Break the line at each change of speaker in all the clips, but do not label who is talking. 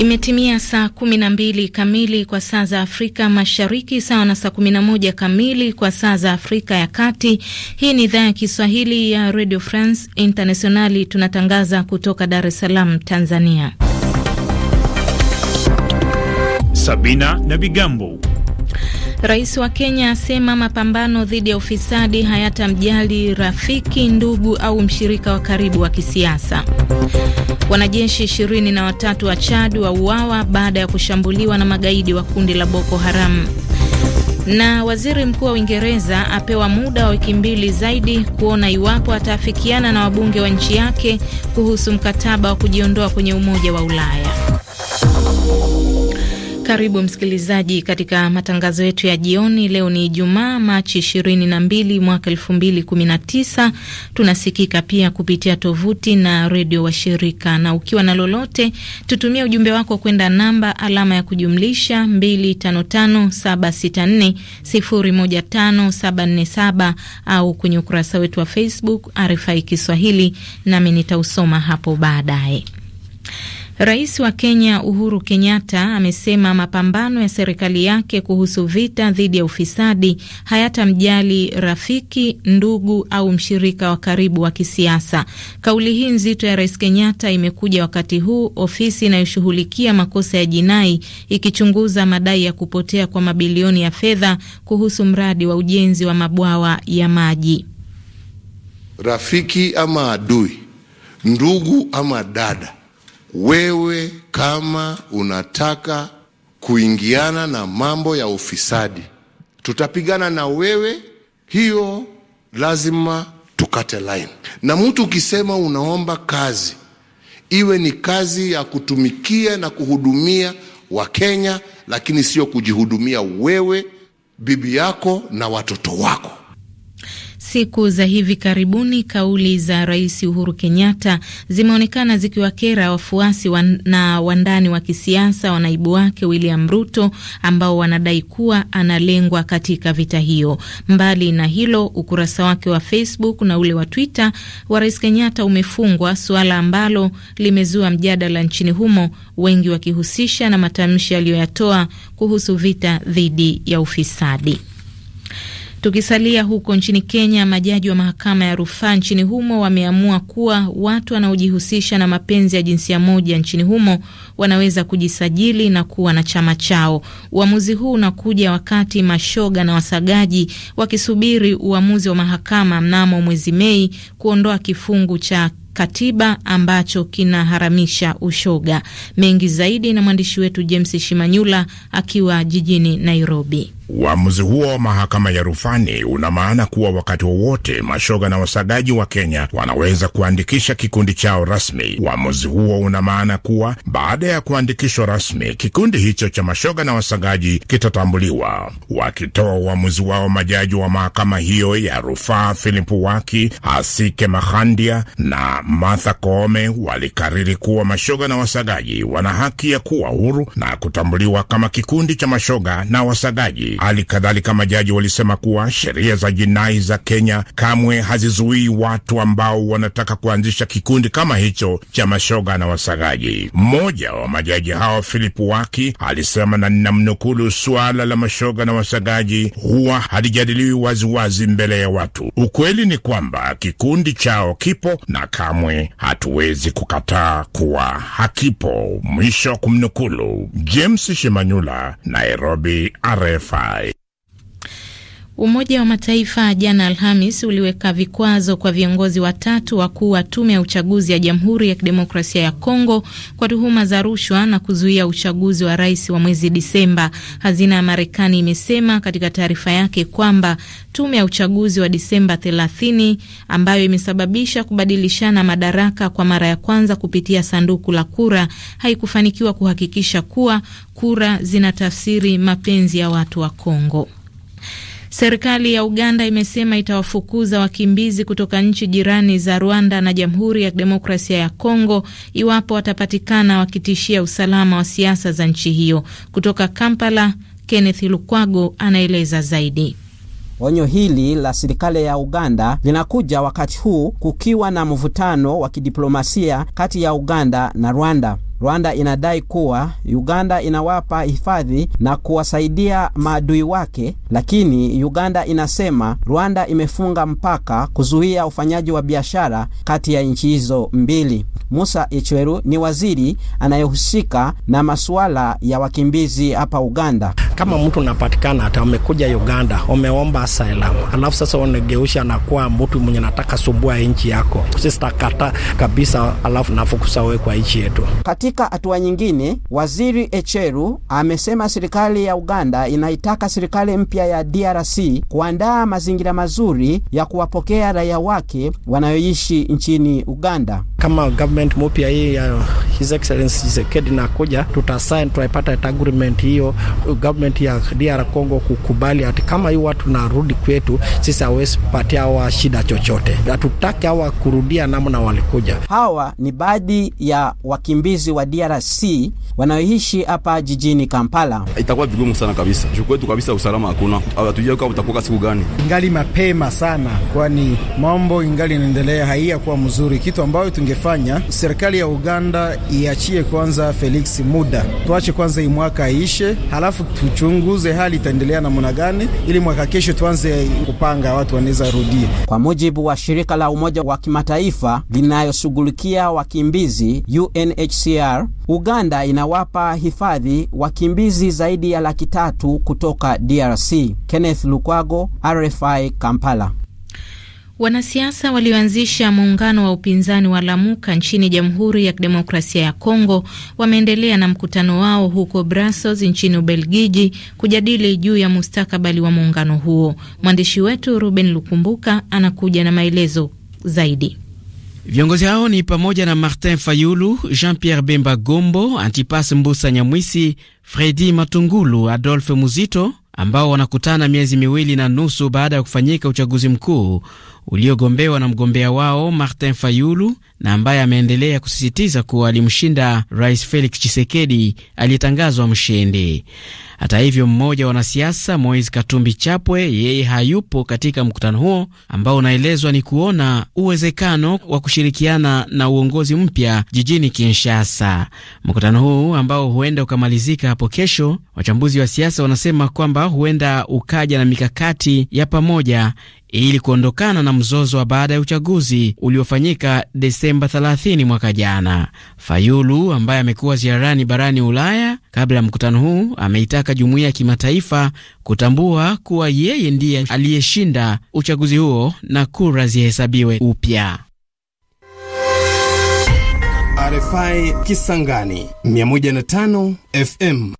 Imetimia saa kumi na mbili kamili kwa saa za Afrika Mashariki, sawa na saa kumi na moja kamili kwa saa za Afrika ya Kati. Hii ni idhaa ya Kiswahili ya Radio France Internationali, tunatangaza kutoka Dar es Salaam, Tanzania.
Sabina na Bigambo
Rais wa Kenya asema mapambano dhidi ya ufisadi hayatamjali rafiki, ndugu au mshirika wa karibu wa kisiasa. Wanajeshi ishirini na watatu wa Chad wauawa baada ya kushambuliwa na magaidi wa kundi la Boko Haram. Na waziri mkuu wa Uingereza apewa muda wa wiki mbili zaidi kuona iwapo ataafikiana na wabunge wa nchi yake kuhusu mkataba wa kujiondoa kwenye Umoja wa Ulaya. Karibu msikilizaji katika matangazo yetu ya jioni. Leo ni Ijumaa, Machi 22 mwaka 2019. Tunasikika pia kupitia tovuti na redio washirika, na ukiwa na lolote, tutumie ujumbe wako kwenda namba alama ya kujumlisha 255764015747 au kwenye ukurasa wetu wa Facebook RFI Kiswahili, nami nitausoma hapo baadaye. Rais wa Kenya Uhuru Kenyatta amesema mapambano ya serikali yake kuhusu vita dhidi ya ufisadi hayatamjali rafiki, ndugu au mshirika wa karibu wa kisiasa. Kauli hii nzito ya Rais Kenyatta imekuja wakati huu ofisi inayoshughulikia makosa ya jinai ikichunguza madai ya kupotea kwa mabilioni ya fedha kuhusu mradi wa ujenzi wa mabwawa ya maji.
Rafiki ama adui, ndugu ama dada wewe kama unataka kuingiana na mambo ya ufisadi, tutapigana na wewe, hiyo lazima tukate line. Na mtu ukisema unaomba kazi, iwe ni kazi ya kutumikia na kuhudumia Wakenya, lakini sio kujihudumia wewe, bibi yako na watoto wako
siku za hivi karibuni kauli za Rais Uhuru Kenyatta zimeonekana zikiwakera wafuasi wan, na wandani wa kisiasa wa naibu wake William Ruto ambao wanadai kuwa analengwa katika vita hiyo. Mbali na hilo, ukurasa wake wa Facebook na ule wa Twitter wa Rais Kenyatta umefungwa, suala ambalo limezua mjadala nchini humo, wengi wakihusisha na matamshi aliyoyatoa kuhusu vita dhidi ya ufisadi. Tukisalia huko nchini Kenya, majaji wa mahakama ya rufaa nchini humo wameamua kuwa watu wanaojihusisha na mapenzi ya jinsia moja nchini humo wanaweza kujisajili na kuwa na chama chao. Uamuzi huu unakuja wakati mashoga na wasagaji wakisubiri uamuzi wa mahakama mnamo mwezi Mei kuondoa kifungu cha katiba ambacho kinaharamisha ushoga. Mengi zaidi na mwandishi wetu James Shimanyula akiwa jijini Nairobi.
Uamuzi huo wa mahakama ya rufani una maana kuwa wakati wowote mashoga na wasagaji wa Kenya wanaweza kuandikisha kikundi chao rasmi. Uamuzi huo una maana kuwa baada ya kuandikishwa rasmi, kikundi hicho cha mashoga na wasagaji kitatambuliwa. Wakitoa uamuzi wao, majaji wa mahakama hiyo ya rufaa Philip Waki, Asike mahandia na Martha Koome walikariri kuwa mashoga na wasagaji wana haki ya kuwa huru na kutambuliwa kama kikundi cha mashoga na wasagaji. Hali kadhalika majaji walisema kuwa sheria za jinai za Kenya kamwe hazizuii watu ambao wanataka kuanzisha kikundi kama hicho cha mashoga na wasagaji. Mmoja wa majaji hao Philip Waki alisema, na ninamnukulu, suala la mashoga na wasagaji huwa halijadiliwi waziwazi mbele ya watu. Ukweli ni kwamba kikundi chao kipo na kamwe hatuwezi kukataa kuwa hakipo. Mwisho kumnukulu. James Shimanyula, Nairobi, RFI. Bye.
Umoja wa Mataifa jana Alhamis uliweka vikwazo kwa viongozi watatu wakuu wa tume ya uchaguzi ya Jamhuri ya Kidemokrasia ya Kongo kwa tuhuma za rushwa na kuzuia uchaguzi wa rais wa mwezi Disemba. Hazina ya Marekani imesema katika taarifa yake kwamba tume ya uchaguzi wa Disemba 30 ambayo imesababisha kubadilishana madaraka kwa mara ya kwanza kupitia sanduku la kura haikufanikiwa kuhakikisha kuwa kura zinatafsiri mapenzi ya watu wa Kongo. Serikali ya Uganda imesema itawafukuza wakimbizi kutoka nchi jirani za Rwanda na Jamhuri ya Demokrasia ya Kongo iwapo watapatikana wakitishia usalama wa siasa za nchi hiyo. Kutoka Kampala, Kenneth Lukwago anaeleza zaidi.
Onyo hili la serikali ya Uganda linakuja wakati huu kukiwa na mvutano wa kidiplomasia kati ya Uganda na Rwanda. Rwanda inadai kuwa Uganda inawapa hifadhi na kuwasaidia maadui wake, lakini Uganda inasema Rwanda imefunga mpaka kuzuia ufanyaji wa biashara kati ya nchi hizo mbili. Musa Ichweru ni
waziri anayehusika na masuala ya wakimbizi hapa Uganda. Kama mtu unapatikana hata amekuja Uganda, umeomba asylum, alafu sasa unageusha nakuwa mtu mwenye nataka sumbua nchi yako, sisi takata kabisa, alafu nafukusa wewe kwa nchi yetu
Kati katika hatua nyingine, Waziri Echeru amesema serikali ya Uganda inaitaka serikali mpya ya DRC kuandaa mazingira mazuri ya kuwapokea
raia wake wanayoishi nchini Uganda kama government mupya hii ya His Excellency Tshisekedi nakuja, tutasign tutaipata agreement hiyo, government ya DR Congo kukubali ati kama hiyo watu narudi kwetu sisi, hawezi patia hawa shida chochote, hatutaki hawa kurudia namna walikuja.
Hawa ni baadhi ya wakimbizi wa DRC wanaoishi hapa jijini Kampala.
Itakuwa vigumu sana kabisa juu kwetu kabisa, usalama hakuna, hatujui kama utakuwa siku gani.
Ingali mapema sana, kwani mambo ingali inaendelea, kuwa mzuri, kitu ambayo tungefanya serikali ya Uganda iachie kwanza Felix muda, tuache kwanza hii mwaka iishe, halafu tuchunguze hali itaendelea namna gani, ili mwaka kesho tuanze kupanga watu wanaweza rudia. Kwa
mujibu wa shirika la Umoja wa Kimataifa linayoshughulikia wakimbizi UNHCR, Uganda inawapa hifadhi wakimbizi zaidi ya laki tatu kutoka DRC. Kenneth Lukwago, RFI Kampala.
Wanasiasa walioanzisha muungano wa upinzani wa Lamuka nchini Jamhuri ya Kidemokrasia ya Kongo wameendelea na mkutano wao huko Brussels nchini Ubelgiji kujadili juu ya mustakabali wa muungano huo. Mwandishi wetu Ruben Lukumbuka anakuja na maelezo zaidi.
Viongozi hao ni pamoja na Martin Fayulu, Jean-Pierre Bemba Gombo, Antipas Mbusa Nyamwisi, Fredi Matungulu, adolfe Muzito ambao wanakutana miezi miwili na nusu baada ya kufanyika uchaguzi mkuu uliogombewa na mgombea wao Martin Fayulu na ambaye ameendelea kusisitiza kuwa alimshinda Rais Felix chisekedi aliyetangazwa mshindi. Hata hivyo, mmoja wa wanasiasa Moise Katumbi Chapwe, yeye hayupo katika mkutano huo ambao unaelezwa ni kuona uwezekano wa kushirikiana na uongozi mpya jijini Kinshasa. Mkutano huu ambao huenda ukamalizika hapo kesho, wachambuzi wa siasa wanasema kwamba huenda ukaja na mikakati ya pamoja ili kuondokana na mzozo wa baada ya uchaguzi uliofanyika Desemba 30 mwaka jana. Fayulu ambaye amekuwa ziarani barani Ulaya Kabla ya mkutano huu, ameitaka jumuiya ya kimataifa kutambua kuwa yeye ndiye aliyeshinda uchaguzi huo na kura zihesabiwe upya.
RFI Kisangani 105 FM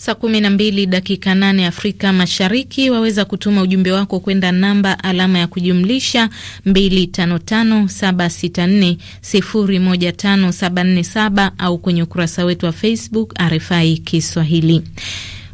Saa 12 dakika 8 Afrika Mashariki, waweza kutuma ujumbe wako kwenda namba alama ya kujumlisha 255764015747 au kwenye ukurasa wetu wa Facebook RFI Kiswahili.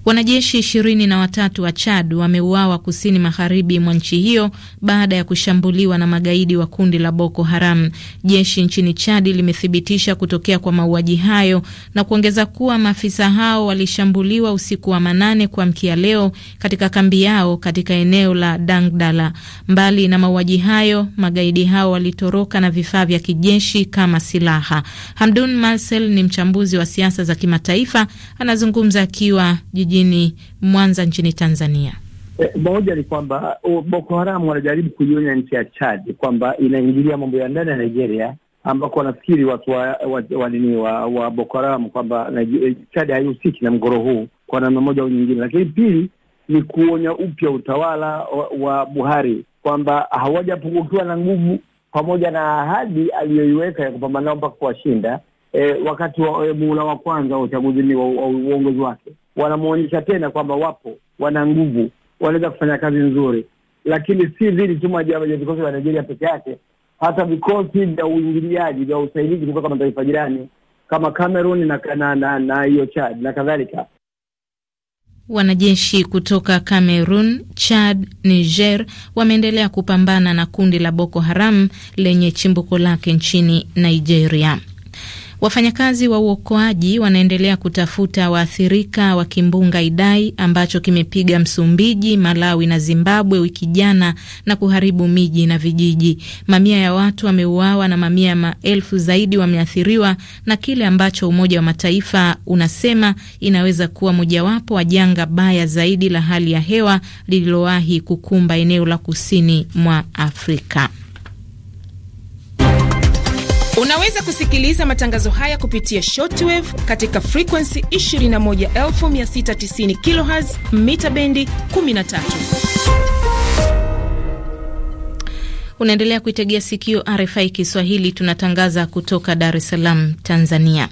Wanajeshi ishirini na watatu wa Chad wameuawa kusini magharibi mwa nchi hiyo baada ya kushambuliwa na magaidi wa kundi la Boko Haram. Jeshi nchini Chad limethibitisha kutokea kwa mauaji hayo na kuongeza kuwa maafisa hao walishambuliwa usiku wa manane kuamkia leo katika kambi yao katika eneo la Dangdala. Mbali na mauaji hayo, magaidi hao walitoroka na vifaa vya kijeshi kama silaha. Hamdun Marcel ni mchambuzi wa siasa za kimataifa, anazungumza akiwa jiji jijini Mwanza nchini Tanzania.
E, moja ni kwamba Boko Haramu wanajaribu kuionya nchi ya Chad kwamba inaingilia mambo ya ndani ya Nigeria ambako wanafikiri watu wa wa, wa, wa Boko Haramu kwamba eh, Chad haihusiki na mgoro huu kwa namna moja au nyingine. Lakini pili ni kuonya upya utawala wa, wa Buhari kwamba hawajapungukiwa na nguvu pamoja na ahadi aliyoiweka ya kupambana nao mpaka kuwashinda, e, wakati wa e, muhula wa kwanza wa uchaguzi wa uongozi wake wanamwonyesha tena kwamba wapo, wana nguvu, wanaweza kufanya kazi nzuri. Lakini si vile tu moja ya vikosi vya Nigeria peke yake, hata vikosi vya uingiliaji vya usaidizi kutoka mataifa jirani kama Cameroon na hiyo na, na, Chad na kadhalika.
Wanajeshi kutoka Cameroon, Chad, Niger wameendelea kupambana na kundi la Boko Haram lenye chimbuko lake nchini Nigeria. Wafanyakazi wa uokoaji wanaendelea kutafuta waathirika wa kimbunga Idai ambacho kimepiga Msumbiji, Malawi na Zimbabwe wiki jana na kuharibu miji na vijiji. Mamia ya watu wameuawa na mamia ya maelfu zaidi wameathiriwa na kile ambacho Umoja wa Mataifa unasema inaweza kuwa mojawapo wa janga baya zaidi la hali ya hewa lililowahi kukumba eneo la kusini mwa Afrika.
Unaweza kusikiliza matangazo haya kupitia shortwave katika frekuensi 21690 kHz mita bendi 13.
Unaendelea kuitegea sikio RFI Kiswahili, tunatangaza kutoka Dar es Salaam, Tanzania.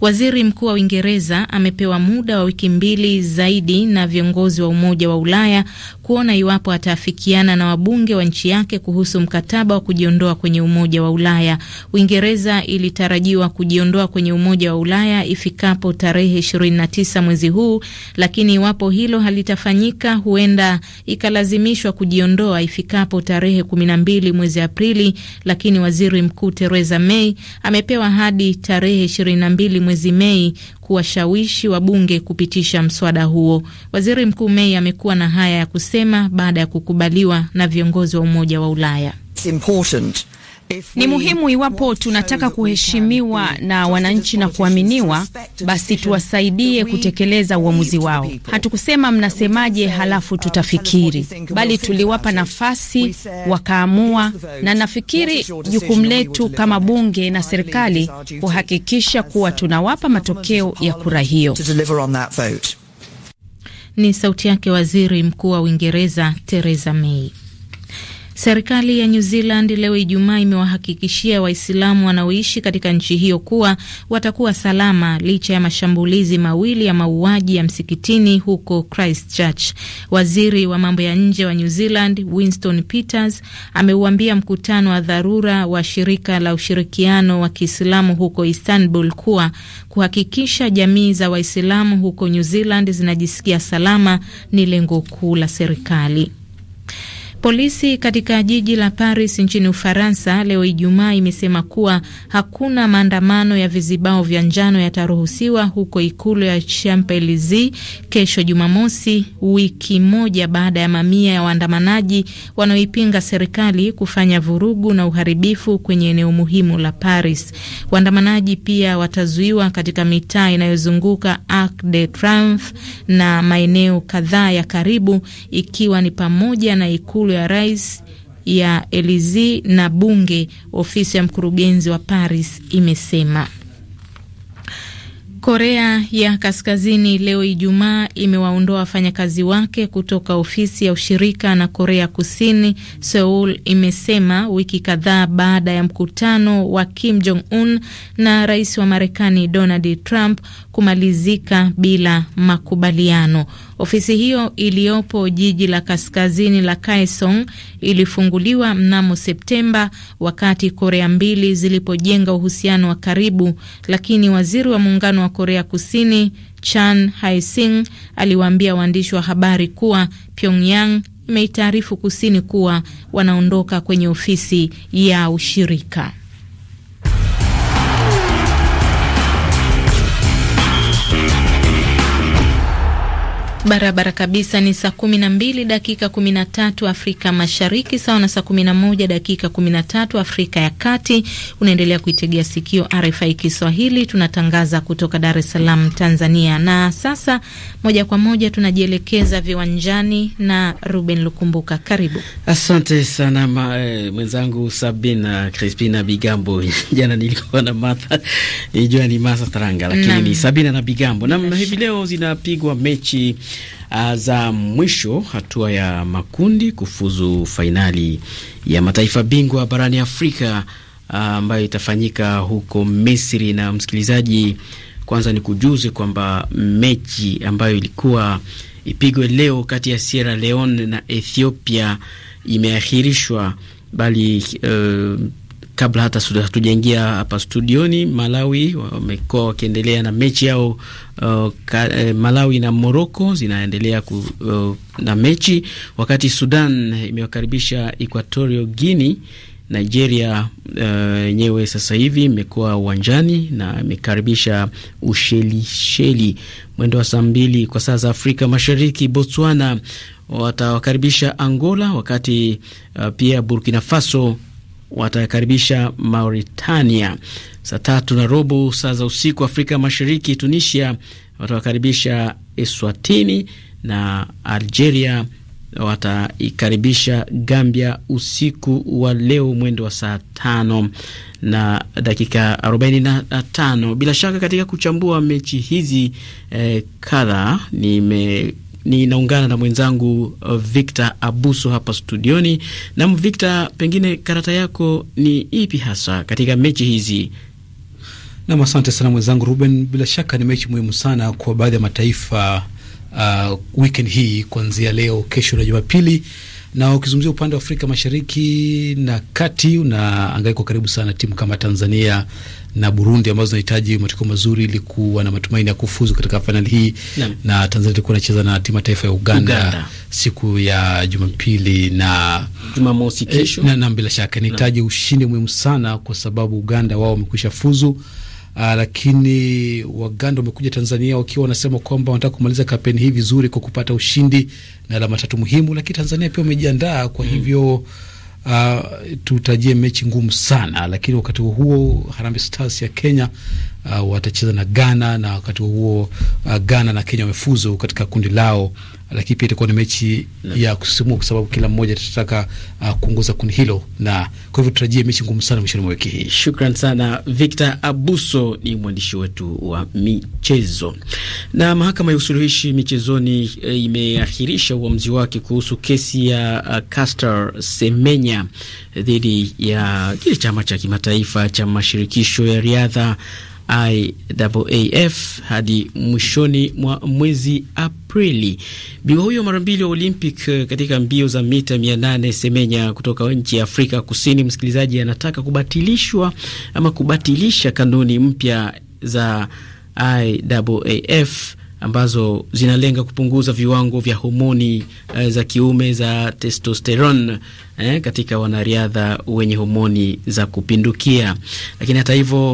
Waziri Mkuu wa Uingereza amepewa muda wa wiki mbili zaidi na viongozi wa Umoja wa Ulaya kuona iwapo ataafikiana na wabunge wa nchi yake kuhusu mkataba wa kujiondoa kwenye Umoja wa Ulaya. Uingereza ilitarajiwa kujiondoa kwenye Umoja wa Ulaya ifikapo tarehe 29 mwezi huu, lakini iwapo hilo halitafanyika, huenda ikalazimishwa kujiondoa ifikapo tarehe 12 mwezi Aprili, lakini waziri mkuu Theresa May amepewa hadi tarehe 22 mwezi Mei kuwashawishi wabunge kupitisha mswada huo. Waziri Mkuu Mei amekuwa na haya ya kusema baada ya kukubaliwa na viongozi wa Umoja wa Ulaya.
It's
ni muhimu iwapo tunataka kuheshimiwa na wananchi na kuaminiwa, basi tuwasaidie kutekeleza uamuzi wao. Hatukusema mnasemaje, halafu uh, tutafikiri, bali tuliwapa nafasi wakaamua, na nafikiri jukumu letu kama bunge na serikali kuhakikisha kuwa uh, tunawapa matokeo ya kura hiyo. Ni
sauti yake Waziri Mkuu wa Uingereza Theresa May. Serikali ya New Zealand leo Ijumaa imewahakikishia Waislamu wanaoishi katika nchi hiyo kuwa watakuwa salama licha ya mashambulizi mawili ya mauaji ya msikitini huko Christchurch. Waziri wa mambo ya nje wa New Zealand Winston Peters ameuambia mkutano wa dharura wa shirika la ushirikiano wa Kiislamu huko Istanbul kuwa kuhakikisha jamii za Waislamu huko New Zealand zinajisikia salama ni lengo kuu la serikali. Polisi katika jiji la Paris nchini Ufaransa leo Ijumaa imesema kuwa hakuna maandamano ya vizibao vya njano yataruhusiwa huko ikulu ya Champs-Elysees kesho Jumamosi, wiki moja baada ya mamia ya waandamanaji wanaoipinga serikali kufanya vurugu na uharibifu kwenye eneo muhimu la Paris. Waandamanaji pia watazuiwa katika mitaa inayozunguka Arc de Triomphe na maeneo kadhaa ya karibu, ikiwa ni pamoja na ikulu ikulu ya rais ya Elizi na bunge, ofisi ya mkurugenzi wa Paris imesema. Korea ya Kaskazini leo Ijumaa imewaondoa wafanyakazi wake kutoka ofisi ya ushirika na Korea Kusini, Seoul imesema wiki kadhaa baada ya mkutano wa Kim Jong Un na rais wa Marekani Donald Trump kumalizika bila makubaliano. Ofisi hiyo iliyopo jiji la kaskazini la Kaesong ilifunguliwa mnamo Septemba wakati Korea mbili zilipojenga uhusiano wa karibu, lakini waziri wa muungano wa Korea Kusini Chan Haising aliwaambia waandishi wa habari kuwa Pyongyang imeitaarifu Kusini kuwa wanaondoka kwenye ofisi ya ushirika. Barabara kabisa ni saa kumi na mbili dakika kumi tatu Afrika Mashariki, sawa na saa kumi na moja dakika tatu Afrika ya Kati. Unaendelea kuitegea sikio RFI Kiswahili, tunatangaza kutoka Dar es Salaam, Tanzania. Na sasa moja kwa moja tunajielekeza viwanjani na Ruben Lukumbuka, karibu.
Asante sana ma, eh, mwenzangu Sabina Crispina Bigambo. Jana nilikuwa na Martha ijua ni Martha Taranga, lakini ni Sabina na Bigambo namna hivi. Leo zinapigwa mechi Ah, za mwisho hatua ya makundi kufuzu fainali ya mataifa bingwa barani Afrika ah, ambayo itafanyika huko Misri. Na msikilizaji, kwanza ni kujuze kwamba mechi ambayo ilikuwa ipigwe leo kati ya Sierra Leone na Ethiopia imeahirishwa, bali uh, kabla hata hatujaingia hapa studioni, Malawi wamekuwa wakiendelea na mechi yao uh, ka, eh, Malawi na Moroko zinaendelea ku, uh, na mechi, wakati Sudan imewakaribisha Equatorial Guinea. Nigeria uh, yenyewe uh, sasa hivi imekuwa uwanjani na imekaribisha Ushelisheli mwendo wa saa mbili kwa saa za Afrika Mashariki. Botswana watawakaribisha Angola, wakati uh, pia Burkina Faso watakaribisha Mauritania. Saa tatu na robo saa za usiku Afrika Mashariki, Tunisia watawakaribisha Eswatini na Algeria wataikaribisha Gambia usiku wa leo mwendo wa saa tano na dakika tano. Bila shaka katika kuchambua mechi hizi eh, kadhaa nime ninaungana na mwenzangu uh, Victor Abuso hapa studioni. Na Victor, pengine karata yako ni ipi hasa katika mechi hizi?
Nam, asante sana mwenzangu Ruben. Bila shaka ni mechi muhimu sana kwa baadhi ya mataifa uh, weekend hii kuanzia leo, kesho na Jumapili na ukizungumzia upande wa Afrika Mashariki na Kati, unaangaika karibu sana timu kama Tanzania na Burundi ambazo zinahitaji matokeo mazuri ili kuwa na matumaini ya kufuzu katika fainali hii na, na Tanzania ilikuwa inacheza na timu taifa ya Uganda, Uganda siku ya Jumapili na Jumamosi eh, kesho eh, na, na bila shaka inahitaji ushindi muhimu sana kwa sababu Uganda wao wamekwisha fuzu. Uh, lakini Waganda wamekuja Tanzania wakiwa wanasema kwamba wanataka kumaliza kampeni hii vizuri kwa kupata ushindi na alama tatu muhimu, lakini Tanzania pia wamejiandaa kwa mm. hivyo mm uh, tutajie mechi ngumu sana, lakini wakati huo Harambee Stars ya Kenya uh, watacheza na Ghana na wakati huo uh, Ghana na Kenya wamefuzu katika kundi lao, lakini pia itakuwa ni mechi no. ya kusisimua kwa sababu kila mmoja atataka uh, kuongoza kundi hilo, na
kwa hivyo tutarajie mechi ngumu sana mwishoni mwa wiki hii. Shukran sana Victor Abuso, ni mwandishi wetu wa michezo. Na mahakama ya usuluhishi michezoni e, imeahirisha uamuzi wake kuhusu kesi ya uh, Caster Semenya dhidi ya kile eh, chama cha kimataifa cha mashirikisho ya riadha IAAF hadi mwishoni mwa mwezi Aprili. Bingwa huyo mara mbili wa Olympic eh, katika mbio za mita 800 Semenya kutoka nchi ya Afrika Kusini, msikilizaji, anataka kubatilishwa ama kubatilisha kanuni mpya za IAAF ambazo zinalenga kupunguza viwango vya homoni eh, za kiume za testosterone eh, katika wanariadha wenye homoni za kupindukia. Lakini hata hivyo,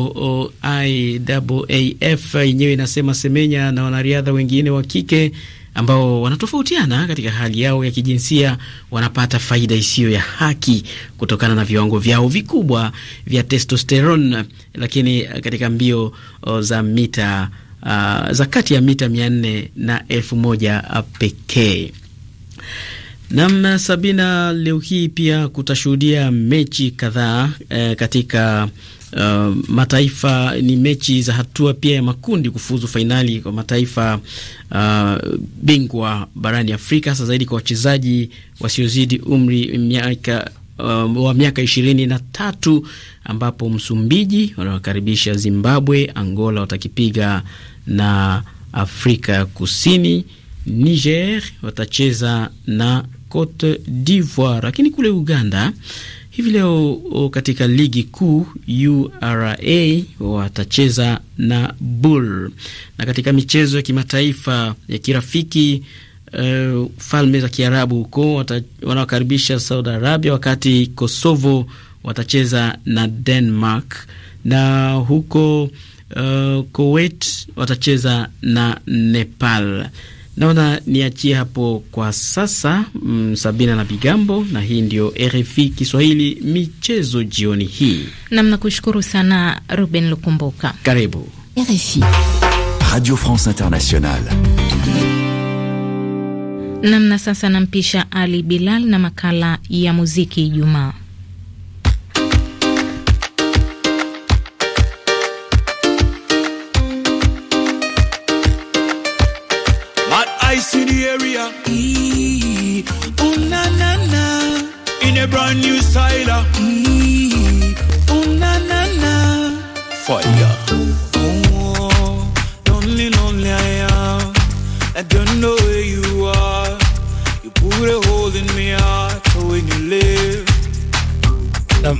IAAF yenyewe inasema Semenya na wanariadha wengine wa kike ambao wanatofautiana katika hali yao ya kijinsia wanapata faida isiyo ya haki kutokana na viwango vyao vikubwa vya testosterone, lakini eh, katika mbio oh, za mita uh, ah, za kati ya mita mia nne na elfu moja pekee. Namna Sabina, leo hii pia kutashuhudia mechi kadhaa eh, katika Uh, mataifa ni mechi za hatua pia ya makundi kufuzu fainali kwa mataifa uh, bingwa barani Afrika, hasa zaidi kwa wachezaji wasiozidi umri miaka, uh, wa miaka ishirini na tatu ambapo Msumbiji wanawakaribisha Zimbabwe, Angola watakipiga na Afrika ya Kusini. Niger watacheza na Cote d'Ivoire. Lakini kule Uganda hivi leo katika ligi kuu URA watacheza na Bull, na katika michezo ya kimataifa ya kirafiki uh, falme za Kiarabu huko wanaokaribisha Saudi Arabia, wakati Kosovo watacheza na Denmark na huko Uh, Kuwait watacheza na Nepal. Naona niachie hapo kwa sasa mm, Sabina na Bigambo, na hii ndio RFI Kiswahili michezo jioni hii.
namna kushukuru sana Ruben Lukumbuka. Karibu RFI
Radio France Internationale.
Namna sasa nampisha Ali Bilal na makala ya muziki Ijumaa.
I see the area. Eee, ooh um, na na na. In a brand new style. Eee, uh, ooh um, na na na. Fire.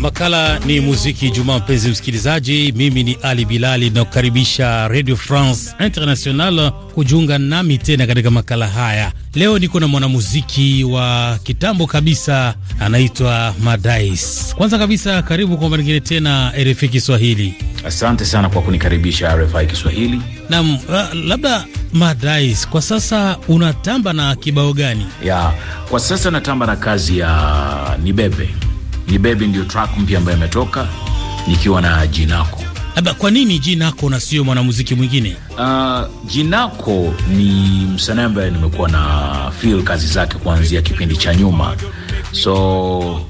makala ni muziki Jumaa. Mpenzi msikilizaji, mimi ni Ali Bilali nakukaribisha Radio France International kujiunga nami tena katika makala haya. Leo niko na mwanamuziki wa kitambo kabisa anaitwa Madais. Kwanza kabisa, karibu kwa mara nyingine tena RFI Kiswahili.
Asante sana kwa kunikaribisha RFI Kiswahili.
Naam, labda Madais, kwa sasa unatamba na kibao gani?
Ya, kwa sasa natamba na kazi ya Nibebe ni Baby ndio track mpya ambayo imetoka nikiwa na Jinako.
Labda kwa nini Jinako na sio mwanamuziki mwingine? Uh,
Jinako ni msanii ambaye nimekuwa na feel kazi zake kuanzia kipindi cha nyuma, so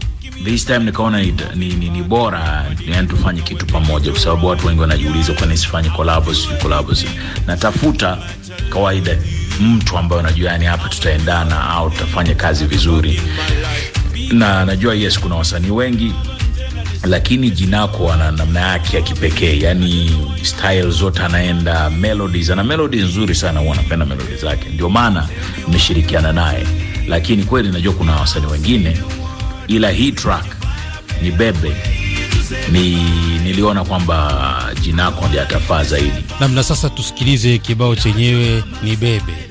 this time nikaona ni, ni, ni, ni bora yani tufanye kitu pamoja, kwa sababu watu wengi wanajiuliza kwa nini sifanye collabos collabos. Natafuta kawaida mtu ambaye unajua yani hapa tutaendana au tutafanya kazi vizuri na najua yes, kuna wasanii wengi lakini Jinako ana namna yake ya kipekee, yani style zote anaenda, melodies ana melodies nzuri sana, huwa anapenda melodies zake, ndio maana nimeshirikiana naye. Lakini kweli najua kuna wasanii wengine, ila hii track ni bebe ni niliona kwamba Jinako ndiye atafaa zaidi.
Namna sasa tusikilize kibao chenyewe ni bebe.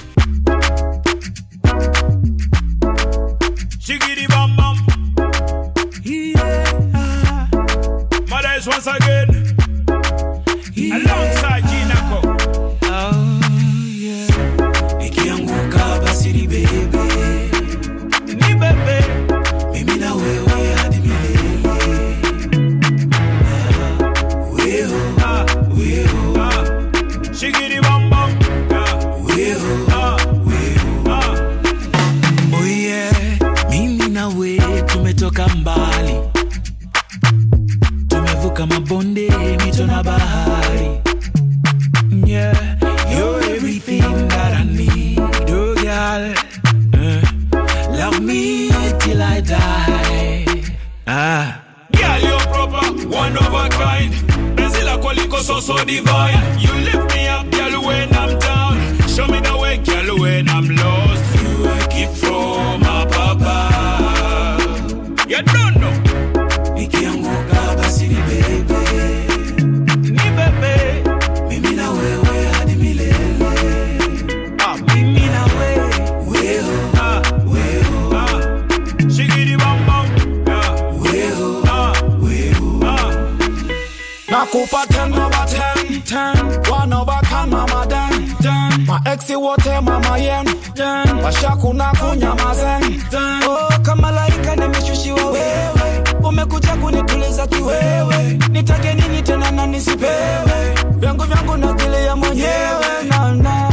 nini tena na nisipewe vyangu vyangu nagilia mwenyewe nana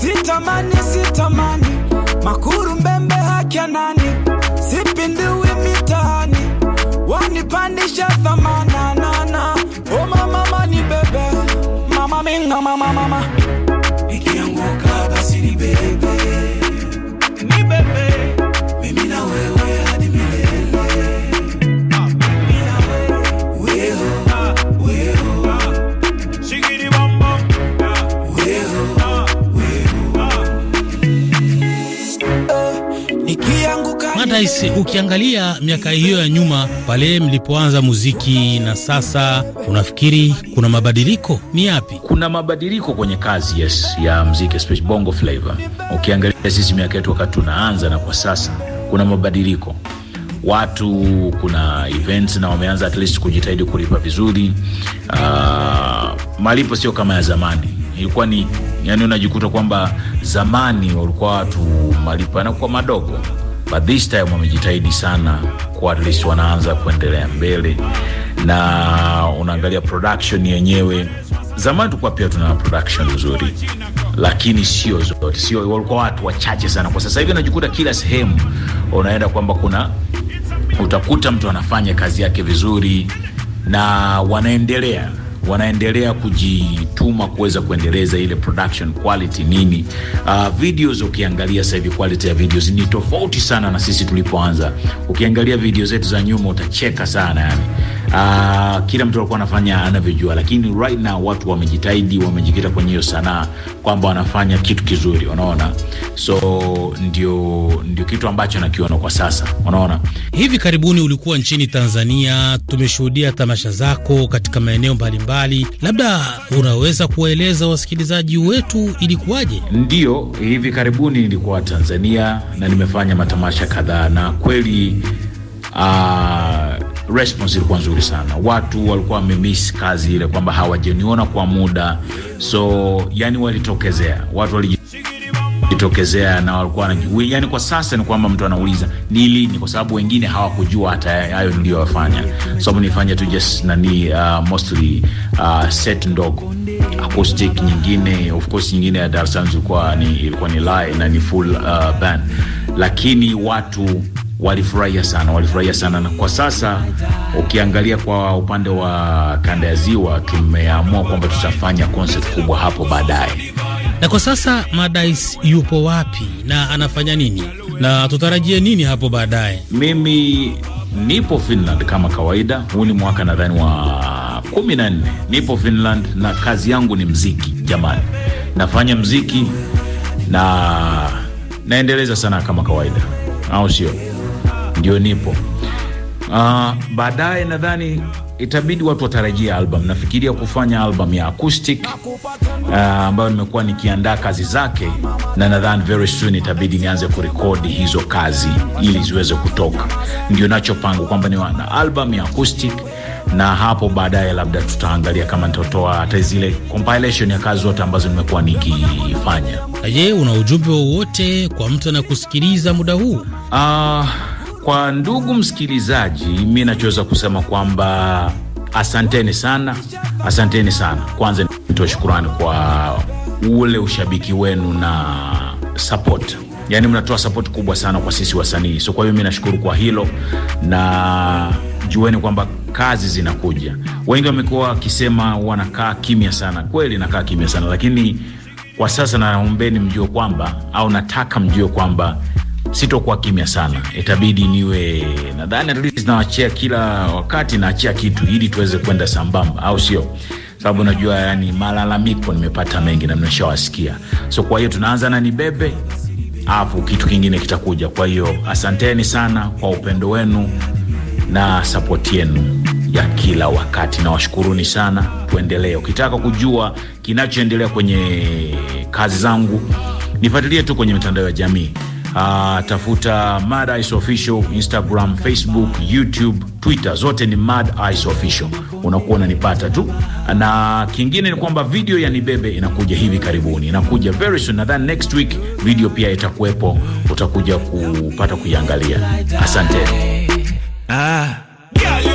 sitamani sitamani makuru mbembe haki ya nani sipindiwi mitaani wanipandisha
Harmonize, ukiangalia miaka hiyo ya nyuma pale mlipoanza muziki na sasa, unafikiri kuna mabadiliko ni yapi? Kuna
mabadiliko kwenye kazi yes, ya muziki especially bongo flavor. Ukiangalia sisi miaka yetu wakati tunaanza na kwa sasa, kuna mabadiliko watu, kuna events na wameanza at least kujitahidi kulipa vizuri. Uh, malipo sio kama ya zamani ilikuwa ni yani, unajikuta kwamba zamani walikuwa watu malipo yanakuwa madogo, But this time wamejitahidi sana kwa at least wanaanza kuendelea mbele, na unaangalia production yenyewe. Zamani tulikuwa pia tuna production nzuri, lakini sio zote, sio walikuwa watu wachache sana. Kwa sasa hivi unajikuta kila sehemu unaenda kwamba kuna utakuta mtu anafanya kazi yake vizuri na wanaendelea wanaendelea kujituma kuweza kuendeleza ile production quality nini. Uh, videos ukiangalia sasa hivi quality ya videos ni tofauti sana na sisi tulipoanza. Ukiangalia video zetu za nyuma utacheka sana yani. Uh, kila mtu alikuwa anafanya anavyojua, lakini right now watu wamejitahidi, wamejikita kwenye hiyo sanaa kwamba wanafanya kitu kizuri, unaona. So ndio, ndio kitu ambacho nakiona kwa sasa, unaona.
Hivi karibuni ulikuwa nchini Tanzania, tumeshuhudia tamasha zako katika maeneo mbalimbali, labda unaweza kuwaeleza wasikilizaji wetu ilikuwaje?
ndio hivi karibuni nilikuwa Tanzania na nimefanya matamasha kadhaa na kweli uh, response ilikuwa nzuri sana, watu walikuwa wamemiss kazi ile, kwamba hawajaniona kwa muda, so yani walitokezea watu wali tokezea na walikuwa na yani, kwa sasa ni kwamba mtu anauliza ni lini, kwa sababu wengine hawakujua hata hayo niliyofanya, So nilifanya tu just nani, uh, mostly uh, set ndogo acoustic, nyingine of course, nyingine ya Dar es Salaam ilikuwa ni ilikuwa ni live na ni full uh, band, lakini watu walifurahia sana, walifurahia sana, na kwa sasa ukiangalia kwa upande wa kanda ya Ziwa tumeamua kwamba tutafanya concert
kubwa hapo baadaye. Na kwa sasa Madais yupo wapi na anafanya nini na tutarajie nini hapo baadaye? Mimi nipo Finland kama
kawaida, huu ni mwaka nadhani wa kumi na nne nipo Finland na kazi yangu ni mziki. Jamani, nafanya mziki na naendeleza sana kama kawaida, au sio? ndio nipo. Uh, baadaye nadhani itabidi watu watarajia album. Nafikiria kufanya album ya acoustic uh, ambayo nimekuwa nikiandaa kazi zake, na nadhani very soon itabidi nianze kurekodi hizo kazi ili ziweze kutoka. Ndio nachopanga kwamba ni wana album ya acoustic, na hapo baadaye labda tutaangalia kama nitatoa hata zile compilation ya kazi zote ambazo nimekuwa nikifanya.
Je, una ujumbe wowote kwa mtu
anakusikiliza muda huu? uh, kwa ndugu msikilizaji, mi nachoweza kusema kwamba asanteni sana, asanteni sana. Kwanza nitoe shukurani kwa ule ushabiki wenu na support yaani mnatoa sapoti kubwa sana kwa sisi wasanii. So kwa hiyo mi nashukuru kwa hilo, na jueni kwamba kazi zinakuja. Wengi wamekuwa wakisema wanakaa kimya sana, kweli nakaa kimya sana, lakini kwa sasa naombeni mjue kwamba au nataka mjue kwamba sitokuwa kimya sana, itabidi niwe nadhani at least naachia kila wakati naachia kitu ili tuweze kwenda sambamba, au sio? Sababu najua yani malalamiko nimepata mengi na nimeshawasikia, so kwa hiyo tunaanza na nibebe alafu kitu kingine kitakuja. Kwa hiyo asanteni sana kwa upendo wenu na sapoti yenu ya kila wakati, na washukuruni sana. Tuendelee. Ukitaka kujua kinachoendelea kwenye kazi zangu, nifuatilie tu kwenye mitandao ya jamii. Uh, tafuta Mad Ice Official Instagram, Facebook, YouTube, Twitter, zote ni Mad Ice Official, unakuwa unanipata tu. Na kingine ni kwamba video ya Nibebe inakuja hivi karibuni, inakuja very soon, nadhani next week video pia itakuwepo, utakuja kupata kuiangalia. Asante ah.
yeah,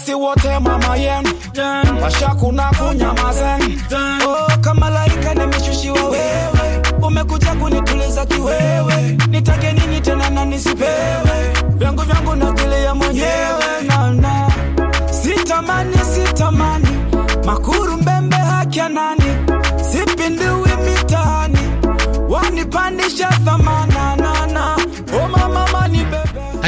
sexy wote mama yen Pasha kuna kunyamazen oh, kama laika nimeshushiwa wewe Umekuja kunituliza kiwewe Nitake nini tena na nisipewe Vyangu vyangu na kile ya mwenyewe na na Sitamani sitamani Makuru mbembe hakia nani Sipindiwi mitaani Wanipandisha thamani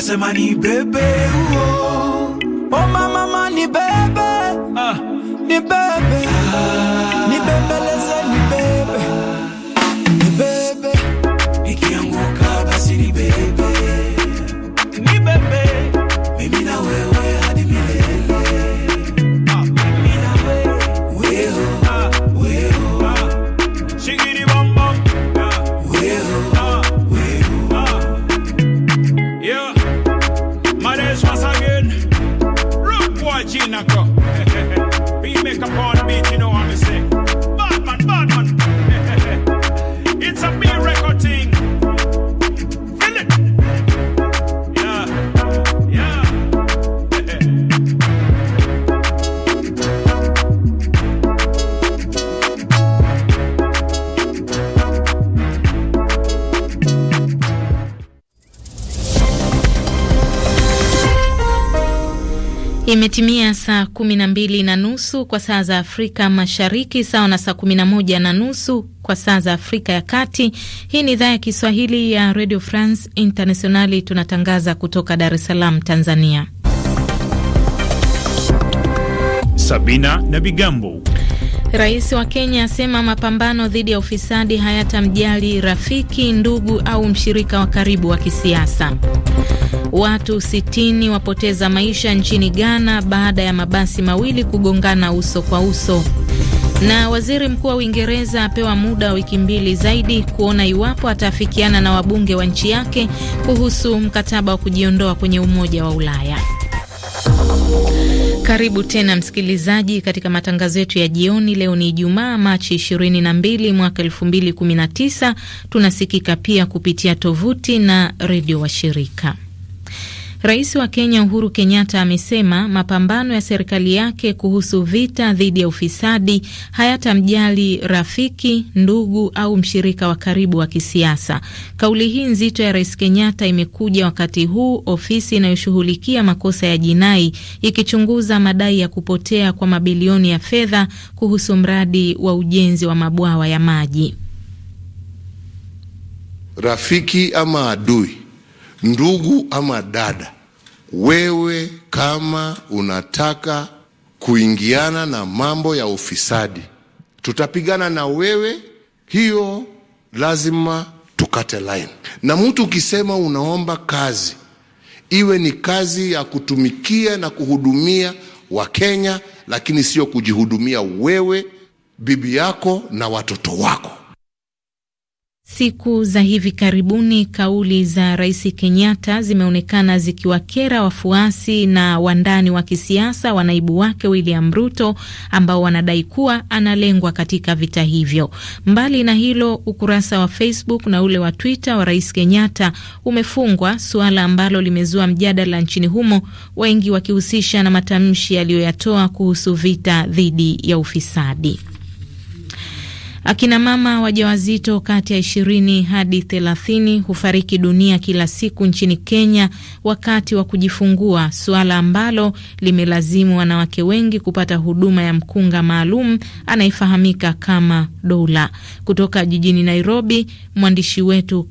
nasema ni bebe uo oh mama, mama ni bebe ah. ni bebe ah. ni bebe ah.
Imetimia saa kumi na mbili na nusu kwa saa za Afrika Mashariki, sawa na saa kumi na moja na nusu kwa saa za Afrika ya Kati. Hii ni idhaa ya Kiswahili ya Radio France Internationali, tunatangaza kutoka Dar es Salaam, Tanzania.
Sabina na Bigambo.
Rais wa Kenya asema mapambano dhidi ya ufisadi hayatamjali rafiki, ndugu au mshirika wa karibu wa kisiasa. Watu sitini wapoteza maisha nchini Ghana baada ya mabasi mawili kugongana uso kwa uso. Na waziri mkuu wa Uingereza apewa muda wa wiki mbili zaidi kuona iwapo ataafikiana na wabunge wa nchi yake kuhusu mkataba wa kujiondoa kwenye Umoja wa Ulaya. Karibu tena msikilizaji, katika matangazo yetu ya jioni. Leo ni Ijumaa, Machi 22 mwaka 2019. Tunasikika pia kupitia tovuti na redio washirika. Rais wa Kenya Uhuru Kenyatta amesema mapambano ya serikali yake kuhusu vita dhidi ya ufisadi hayatamjali rafiki, ndugu au mshirika wa karibu wa kisiasa. Kauli hii nzito ya Rais Kenyatta imekuja wakati huu ofisi inayoshughulikia makosa ya jinai ikichunguza madai ya kupotea kwa mabilioni ya fedha kuhusu mradi wa ujenzi wa mabwawa ya maji.
Rafiki ama adui Ndugu ama dada, wewe kama unataka kuingiana na mambo ya ufisadi, tutapigana na wewe, hiyo lazima tukate line. Na mtu ukisema unaomba kazi, iwe ni kazi ya kutumikia na kuhudumia Wakenya, lakini sio kujihudumia wewe, bibi yako na watoto wako.
Siku za hivi karibuni kauli za Rais Kenyatta zimeonekana zikiwakera wafuasi na wandani wa kisiasa wa naibu wake William Ruto ambao wanadai kuwa analengwa katika vita hivyo. Mbali na hilo, ukurasa wa Facebook na ule wa Twitter wa Rais Kenyatta umefungwa, suala ambalo limezua mjadala nchini humo, wengi wakihusisha na matamshi aliyoyatoa kuhusu vita dhidi ya ufisadi. Akina mama wajawazito kati ya ishirini hadi thelathini hufariki dunia kila siku nchini Kenya wakati wa kujifungua, suala ambalo limelazimu wanawake wengi kupata huduma ya mkunga maalum anayefahamika kama doula. Kutoka jijini Nairobi, mwandishi wetu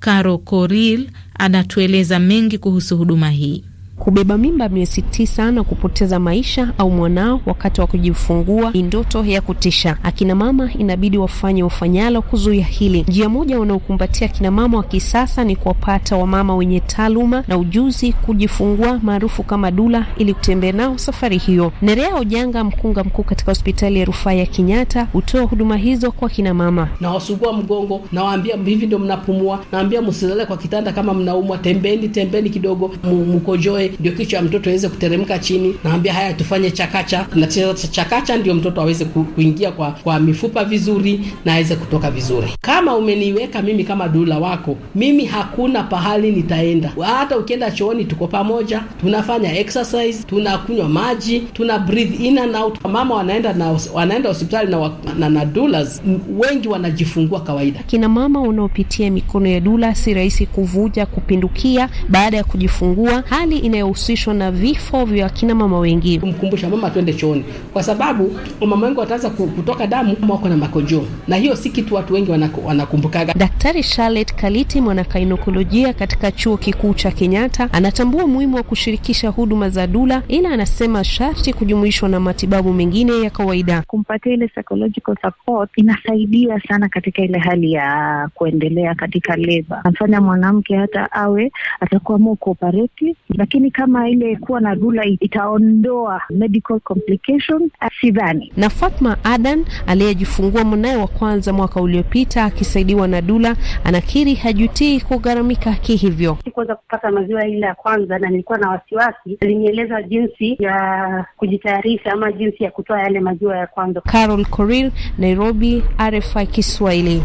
Karo
Koril anatueleza mengi kuhusu huduma hii. Kubeba mimba miezi tisa na kupoteza maisha au mwanao wakati wa kujifungua ni ndoto ya kutisha. Akina mama inabidi wafanye wafanyalo kuzuia hili. Njia moja wanaokumbatia akina mama wa kisasa ni kuwapata wamama wenye taaluma na ujuzi kujifungua maarufu kama dula, ili kutembea nao safari hiyo. Nerea Ojanga, mkunga mkuu katika hospitali ya rufaa ya Kenyatta, hutoa huduma hizo kwa kina mama. Nawasugua mgongo, nawaambia hivi ndio mnapumua, nawambia msilale kwa kitanda kama mnaumwa, tembeni tembeni kidogo, mkojoe atoe, ndio kichwa ya mtoto aweze kuteremka
chini. Naambia haya, tufanye chakacha na chakacha, ndio mtoto aweze kuingia kwa, kwa mifupa vizuri
na aweze kutoka vizuri.
Kama umeniweka mimi kama dula wako, mimi hakuna pahali nitaenda. Hata ukienda chooni, tuko pamoja, tunafanya exercise,
tunakunywa maji, tuna breathe in and out. Mama wanaenda na wanaenda hospitali na, na, na dulas wengi wanajifungua kawaida. Kina mama unaopitia mikono ya dula, si rahisi kuvuja kupindukia baada ya kujifungua, hali inayohusishwa na vifo vya akina mama wengi. Kumkumbusha mama twende chooni, kwa sababu mama wengi wataanza kutoka damu wako na makojo, na hiyo si kitu watu wengi wanakumbukaga. Daktari Charlotte Kaliti, mwanakainokolojia katika chuo kikuu cha Kenyatta, anatambua umuhimu wa kushirikisha huduma za dula, ila anasema sharti kujumuishwa na matibabu mengine ya kawaida. Kumpatia ile psychological support inasaidia sana katika ile hali ya kuendelea katika leba, anafanya mwanamke hata awe atakuwa more cooperative, lakini sidhani kama ile kuwa na rula itaondoa medical complications, sidhani. Na Fatma Adan aliyejifungua mwanaye wa kwanza mwaka uliopita akisaidiwa na dula anakiri hajutii kugharamika kihivyo. Sikuweza kupata maziwa ile ya kwanza na nilikuwa na wasiwasi, alinieleza jinsi ya kujitayarisha ama jinsi ya kutoa yale maziwa ya kwanza. Carol Korir, Nairobi, RFI Kiswahili.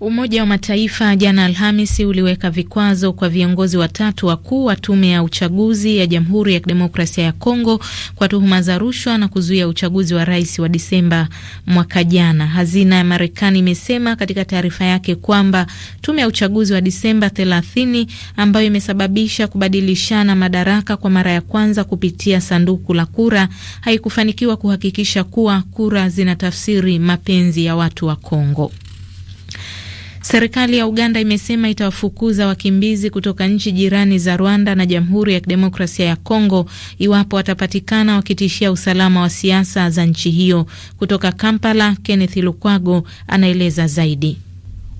Umoja wa Mataifa jana Alhamisi uliweka vikwazo kwa viongozi watatu wakuu wa tume ya uchaguzi ya Jamhuri ya Kidemokrasia ya Kongo kwa tuhuma za rushwa na kuzuia uchaguzi wa rais wa Disemba mwaka jana. Hazina ya Marekani imesema katika taarifa yake kwamba tume ya uchaguzi wa Disemba 30 ambayo imesababisha kubadilishana madaraka kwa mara ya kwanza kupitia sanduku la kura haikufanikiwa kuhakikisha kuwa kura zinatafsiri mapenzi ya watu wa Kongo. Serikali ya Uganda imesema itawafukuza wakimbizi kutoka nchi jirani za Rwanda na Jamhuri ya Kidemokrasia ya Kongo iwapo watapatikana wakitishia usalama wa siasa za nchi hiyo. Kutoka Kampala, Kenneth Lukwago anaeleza zaidi.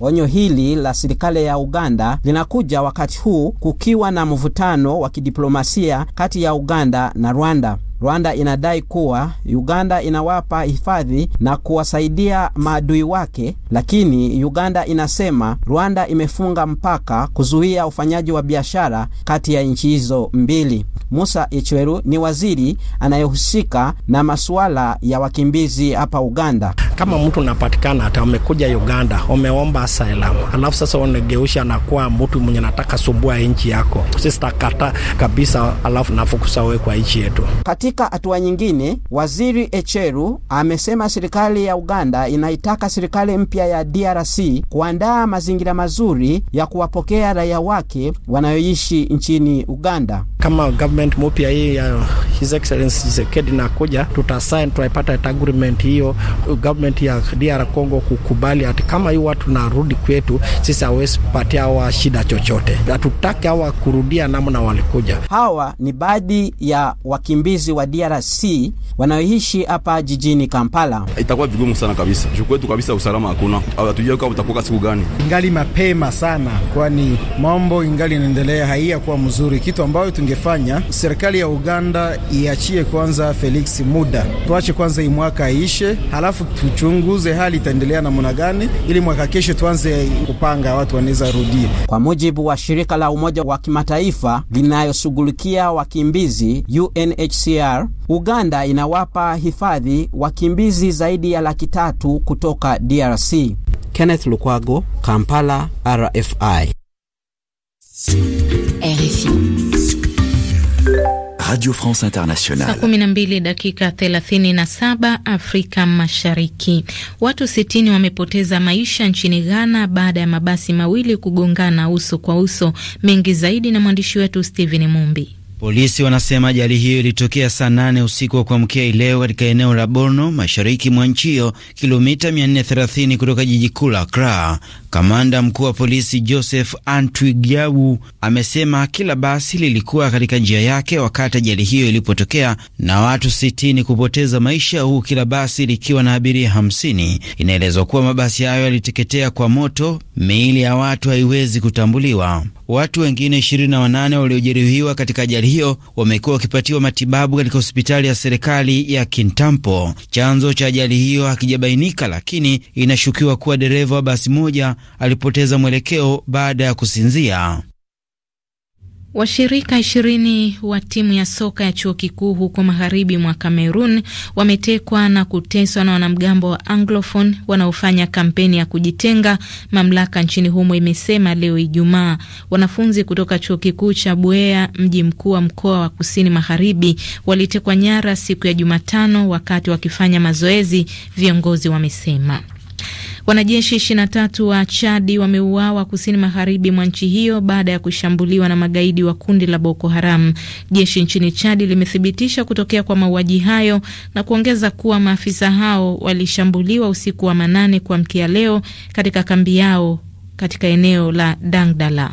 Onyo hili la serikali ya Uganda linakuja wakati huu kukiwa na mvutano wa kidiplomasia kati ya Uganda na Rwanda. Rwanda inadai kuwa Uganda inawapa hifadhi na kuwasaidia maadui wake, lakini Uganda inasema Rwanda imefunga mpaka kuzuia ufanyaji wa biashara kati ya nchi hizo mbili. Musa Ichweru ni
waziri anayehusika na masuala ya wakimbizi hapa Uganda. Kama mtu unapatikana hata umekuja Uganda umeomba asylum, alafu sasa unageusha kuwa mtu mwenye nataka sumbua nchi yako, sisi takata kabisa, alafu nafukusa wewe kwa nchi yetu
Kati katika hatua nyingine, Waziri Echeru amesema serikali ya Uganda inaitaka serikali mpya ya DRC kuandaa mazingira mazuri ya kuwapokea raia
wake wanayoishi nchini Uganda kama government mpya hii ya His Excellency Tshisekedi kuja, tutasign tutaipata agreement hiyo, government ya DR Congo kukubali ati kama hii watu narudi kwetu sisi, hawezi kupatia hawa shida chochote, hatutaki hawa kurudia namna walikuja. Hawa
ni baadhi ya wakimbizi wa DRC wanaoishi hapa jijini Kampala.
Itakuwa vigumu sana kabisa juu
kwetu kabisa usalama hakuna, au hatujui kama utakuwa siku gani.
Ingali mapema sana, kwani mambo ingali inaendelea, kuwa mzuri, kitu ambayo tunge ingefanya serikali ya Uganda iachie kwanza Felix muda, tuache kwanza hii mwaka ishe, halafu tuchunguze hali itaendelea namna gani, ili mwaka kesho tuanze kupanga watu wanaweza rudia. Kwa mujibu
wa shirika la Umoja wa Kimataifa linayoshughulikia wakimbizi UNHCR, Uganda inawapa hifadhi wakimbizi zaidi ya laki tatu kutoka DRC. Kenneth Lukwago, Kampala, RFI.
RFI. Radio France Internationale.
Saa 12 dakika 37 Afrika Mashariki. Watu 60 wamepoteza maisha nchini Ghana baada ya mabasi mawili kugongana uso kwa uso. Mengi zaidi na mwandishi wetu Steven Mumbi.
Polisi wanasema ajali hiyo ilitokea saa nane usiku wa kuamkia ileo katika eneo la Borno, mashariki mwa nchi hiyo, kilomita 430 kutoka jiji kuu la Accra. Kamanda mkuu wa polisi Joseph Antwigyau amesema kila basi lilikuwa katika njia yake wakati ajali hiyo ilipotokea na watu 60 kupoteza maisha, huku kila basi likiwa na abiria 50. Inaelezwa kuwa mabasi hayo yaliteketea kwa moto. Miili ya watu haiwezi kutambuliwa. Watu wengine 28 waliojeruhiwa katika ajali hiyo wamekuwa wakipatiwa matibabu katika hospitali ya serikali ya Kintampo. Chanzo cha ajali hiyo hakijabainika, lakini inashukiwa kuwa dereva wa basi moja alipoteza mwelekeo baada ya kusinzia.
Washirika ishirini wa timu ya soka ya chuo kikuu huko magharibi mwa Kamerun wametekwa na kuteswa na wanamgambo wa Anglophone wanaofanya kampeni ya kujitenga mamlaka nchini humo, imesema leo Ijumaa. Wanafunzi kutoka chuo kikuu cha Buea, mji mkuu wa mkoa wa kusini magharibi, walitekwa nyara siku ya Jumatano wakati wakifanya mazoezi, viongozi wamesema. Wanajeshi 23 wa Chadi wameuawa kusini magharibi mwa nchi hiyo baada ya kushambuliwa na magaidi wa kundi la Boko Haram. Jeshi nchini Chadi limethibitisha kutokea kwa mauaji hayo na kuongeza kuwa maafisa hao walishambuliwa usiku wa manane kuamkia leo katika kambi yao katika eneo la Dangdala.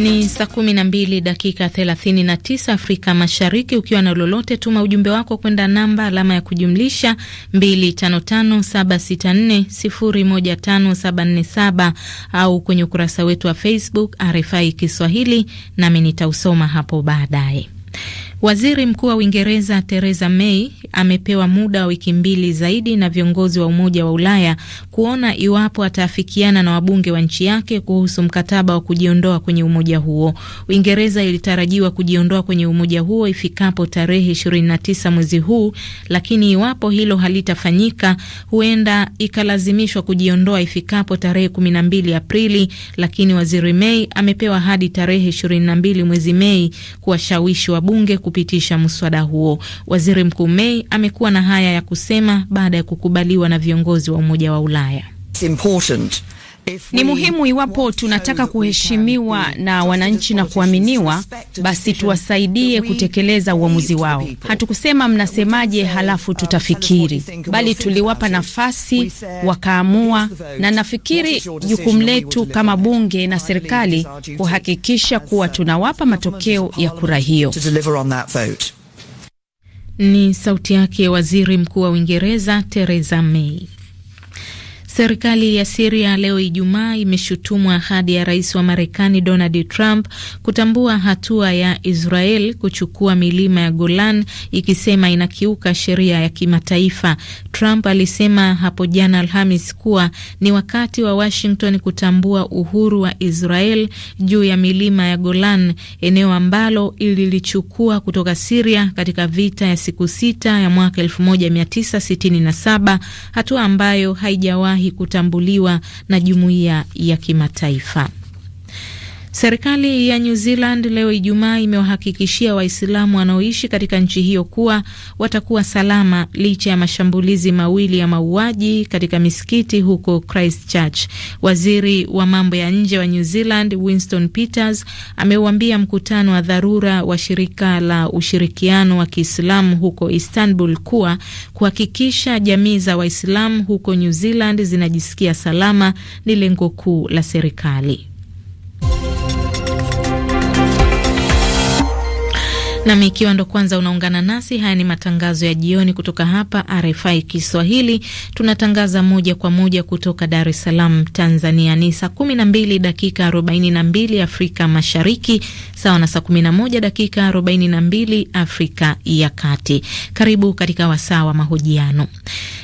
Ni saa 12 dakika 39 Afrika Mashariki. Ukiwa na lolote, tuma ujumbe wako kwenda namba alama ya kujumlisha 255764015747 au kwenye ukurasa wetu wa Facebook RFI Kiswahili, nami nitausoma hapo baadaye. Waziri Mkuu wa Uingereza Theresa May amepewa muda wa wiki mbili zaidi na viongozi wa Umoja wa Ulaya kuona iwapo ataafikiana na wabunge wa nchi yake kuhusu mkataba wa kujiondoa kwenye umoja huo. Uingereza ilitarajiwa kujiondoa kwenye umoja huo ifikapo tarehe 29 mwezi huu, lakini iwapo hilo halitafanyika, huenda ikalazimishwa kujiondoa ifikapo tarehe 12 Aprili, lakini waziri Mei amepewa hadi tarehe 22 mwezi Mei kuwashawishi wabunge kupitisha mswada huo. Waziri Mkuu Mei amekuwa na haya ya kusema baada ya kukubaliwa na viongozi wa
Umoja wa Ulaya. Ulaya. Ni muhimu iwapo tunataka kuheshimiwa na wananchi na kuaminiwa, basi tuwasaidie kutekeleza uamuzi wao. Hatukusema mnasemaje, halafu um, tutafikiri, bali tuliwapa nafasi wakaamua, na nafikiri jukumu letu kama bunge na serikali kuhakikisha kuwa um, tunawapa matokeo ya kura hiyo.
Ni sauti yake Waziri Mkuu wa Uingereza Theresa May. Serikali ya Siria leo Ijumaa imeshutumu ahadi ya rais wa Marekani Donald Trump kutambua hatua ya Israel kuchukua milima ya Golan, ikisema inakiuka sheria ya kimataifa. Trump alisema hapo jana Alhamis kuwa ni wakati wa Washington kutambua uhuru wa Israel juu ya milima ya Golan, eneo ambalo ililichukua kutoka Siria katika vita ya siku sita ya mwaka 1967 hatua ambayo haijawahi kutambuliwa na jumuiya ya kimataifa. Serikali ya New Zealand leo Ijumaa imewahakikishia Waislamu wanaoishi katika nchi hiyo kuwa watakuwa salama licha ya mashambulizi mawili ya mauaji katika misikiti huko Christchurch. Waziri wa mambo ya nje wa New Zealand Winston Peters ameuambia mkutano wa dharura wa shirika la ushirikiano wa Kiislamu huko Istanbul kuwa kuhakikisha jamii za Waislamu huko New Zealand zinajisikia salama ni lengo kuu la serikali. Nam, ikiwa ndo kwanza unaungana nasi, haya ni matangazo ya jioni kutoka hapa RFI Kiswahili. Tunatangaza moja kwa moja kutoka Dar es Salaam, Tanzania. Ni saa kumi na mbili dakika arobaini na mbili Afrika Mashariki, sawa na saa kumi na moja dakika arobaini na mbili Afrika ya Kati. Karibu katika wasaa wa mahojiano.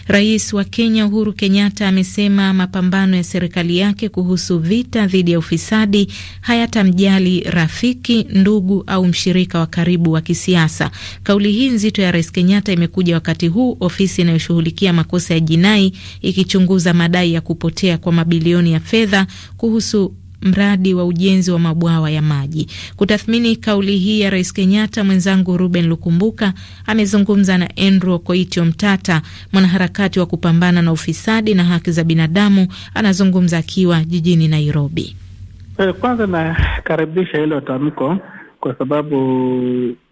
Rais wa Kenya Uhuru Kenyatta amesema mapambano ya serikali yake kuhusu vita dhidi ya ufisadi hayatamjali rafiki, ndugu au mshirika wa karibu uhasibu wa kisiasa. Kauli hii nzito ya Rais Kenyatta imekuja wakati huu ofisi inayoshughulikia makosa ya jinai ikichunguza madai ya kupotea kwa mabilioni ya fedha kuhusu mradi wa ujenzi wa mabwawa ya maji. Kutathmini kauli hii ya Rais Kenyatta, mwenzangu Ruben Lukumbuka amezungumza na Andrew Koitio Mtata, mwanaharakati wa kupambana na ufisadi na haki za binadamu. Anazungumza akiwa jijini Nairobi.
Eh, kwanza nakaribisha hilo tamko kwa sababu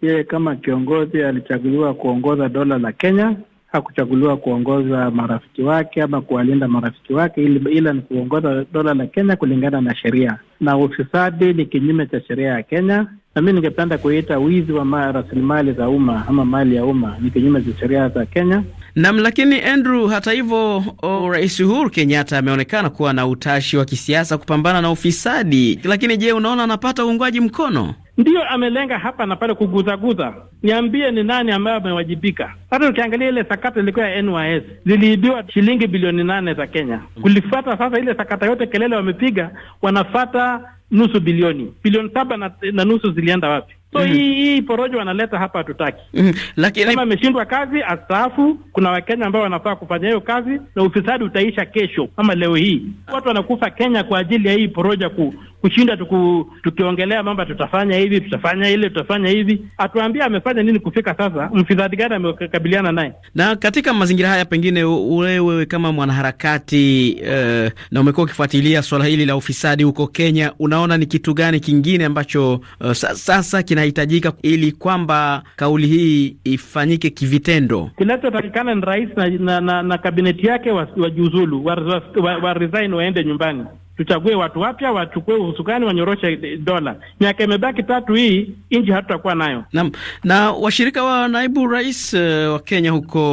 yeye kama kiongozi alichaguliwa kuongoza dola la Kenya, hakuchaguliwa kuongoza marafiki wake ama kuwalinda marafiki wake, ila ni kuongoza dola la Kenya kulingana na sheria, na ufisadi ni kinyume cha sheria ya Kenya na mi ningependa kuita wizi wa rasilimali za umma ama mali ya umma ni kinyume cha sheria za Kenya,
Nam, lakini Andrew, hata hivyo, Rais Uhuru Kenyatta ameonekana kuwa na utashi wa kisiasa kupambana na ufisadi, lakini je, unaona anapata uungwaji mkono?
Ndiyo, amelenga hapa na
pale kuguzaguza. Niambie, ni nani
ambaye amewajibika? Hata ukiangalia ile sakata ilikuwa ya NYS, ziliibiwa shilingi bilioni nane za Kenya. Kulifata sasa ile sakata yote, kelele wamepiga, wanafata nusu bilioni, bilioni saba na, na nusu zilienda wapi? So mm hii -hmm. porojo wanaleta hapa hatutaki. mm -hmm. Lakini kama ameshindwa kazi astaafu. Kuna Wakenya ambao wanafaa kufanya hiyo kazi, na ufisadi utaisha kesho ama leo hii. Watu wanakufa Kenya kwa ajili ya hii poroja ku, kushinda tuku, tukiongelea mambo tutafanya hivi tutafanya ile tutafanya hivi, atuambie amefanya nini kufika sasa, mfisadi gani amekabiliana naye.
Na katika mazingira haya, pengine wewe kama mwanaharakati uh, na umekuwa ukifuatilia swala hili la ufisadi huko Kenya, unaona ni kitu gani kingine ambacho uh, sasa kinahitajika ili kwamba kauli hii ifanyike kivitendo?
Kinachotakikana ni rais na, na, na, na kabineti yake wajiuzulu, wa wa, wa, wa resign waende nyumbani tuchague watu wapya wachukue usukani wanyoroshe
dola. Miaka imebaki tatu hii nchi hatutakuwa nayo. Naam. Na washirika wa naibu rais uh, wa Kenya huko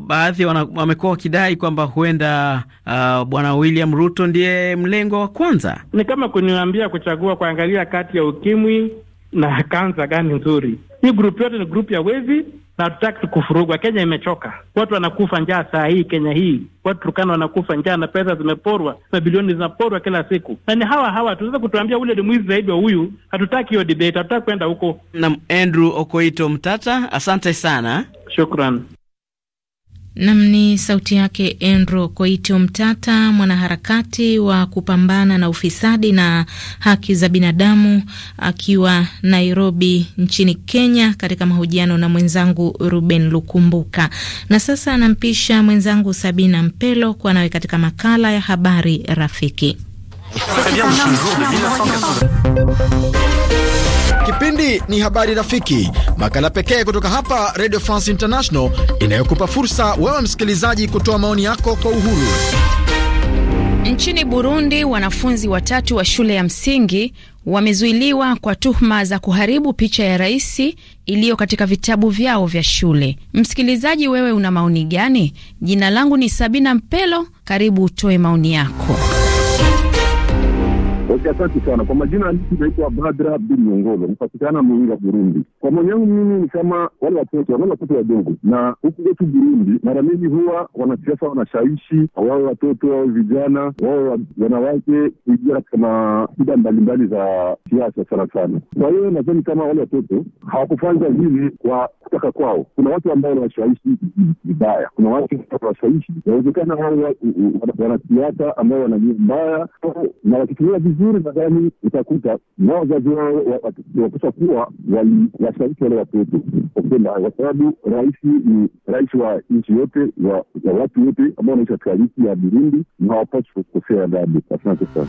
baadhi wamekuwa wakidai kwamba huenda uh, bwana William Ruto ndiye mlengo wa kwanza. Ni kama
kuniambia kuchagua, kuangalia kati ya ukimwi na kansa gani nzuri. Hii grupu yote ni grupu ya wezi na hatutaki kufurugwa. Kenya imechoka, watu wanakufa njaa saa hii. Kenya hii watu Turkana wanakufa njaa na pesa zimeporwa, mabilioni zinaporwa kila siku, na ni hawa hawa. Tunaweza kutuambia ule ni mwizi zaidi wa huyu. Hatutaki hiyo debate, hatutaki kwenda huko. Na Andrew Okoito
Mtata, asante sana. Shukran.
Nam ni sauti yake Endro Koito Mtata, mwanaharakati wa kupambana na ufisadi na haki za binadamu, akiwa Nairobi nchini Kenya, katika mahojiano na mwenzangu Ruben Lukumbuka. Na sasa anampisha mwenzangu Sabina Mpelo kuwa nawe katika makala ya habari rafiki
Kipindi ni Habari Rafiki, makala pekee kutoka hapa Radio France International inayokupa fursa wewe msikilizaji kutoa maoni yako
kwa uhuru. Nchini Burundi, wanafunzi watatu wa shule ya msingi wamezuiliwa kwa tuhuma za kuharibu picha ya rais iliyo katika vitabu vyao vya shule. Msikilizaji, wewe una maoni gani? Jina langu ni Sabina Mpelo, karibu utoe maoni yako
asante
sana kwa majina. Naitwa Badra bin Nyongolo, mpatikana Muinga, Burundi. Kwa mwenyangu mimi ni kama wale watoto wale watoto wadogo, na huku wetu Burundi mara mingi huwa wanasiasa wanashaishi wawe watoto wawe vijana wawe wanawake kuingia katika shida mbalimbali za siasa sana sana. Kwa hiyo nadhani kama wale watoto hawakufanya hivi kwa kutaka kwao, kuna watu ambao wanashaishi vibaya, kuna watu wanashaishi inawezekana wao wanasiasa ambao wanajua mbaya, na wakitumia vizuri pale nadhani utakuta na wazazi wao wapaswa kuwa waliwashawishi wale watoto kwa sababu rais ni rais wa nchi yote ya watu wote ambao wanaishi katika nchi ya Burundi, na hawapaswi kukosea adabu. Asante sana.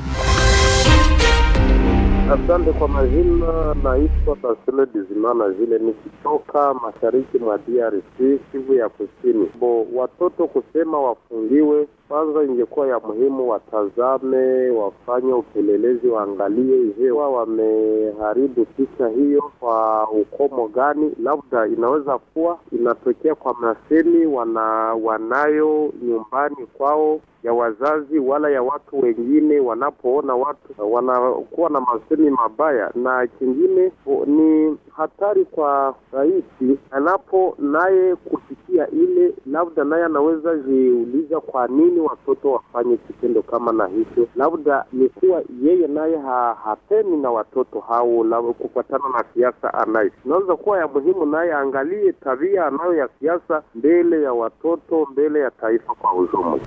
Asante kwa majina, naitwa Basile Bizimana vile nikitoka mashariki mwa DRC, Kivu ya Kusini. Bo watoto kusema wafungiwe kwanza ingekuwa ya muhimu watazame, wafanye upelelezi, waangalie, je, wa wameharibu picha hiyo kwa ukomo gani? Labda inaweza kuwa inatokea kwa masemi wana wanayo nyumbani kwao ya wazazi wala ya watu wengine. Wanapoona watu wanakuwa na masemi mabaya, na kingine ni hatari kwa rahisi anapo naye kusikia ile, labda naye anaweza jiuliza kwa nini nini watoto wafanye kitendo kama na hicho? Labda ni kuwa yeye naye ha, hapeni na watoto hao, labda kufuatana na siasa anayo inaweza kuwa ya muhimu, naye angalie tabia anayo ya siasa mbele ya watoto, mbele ya taifa kwa ujumla.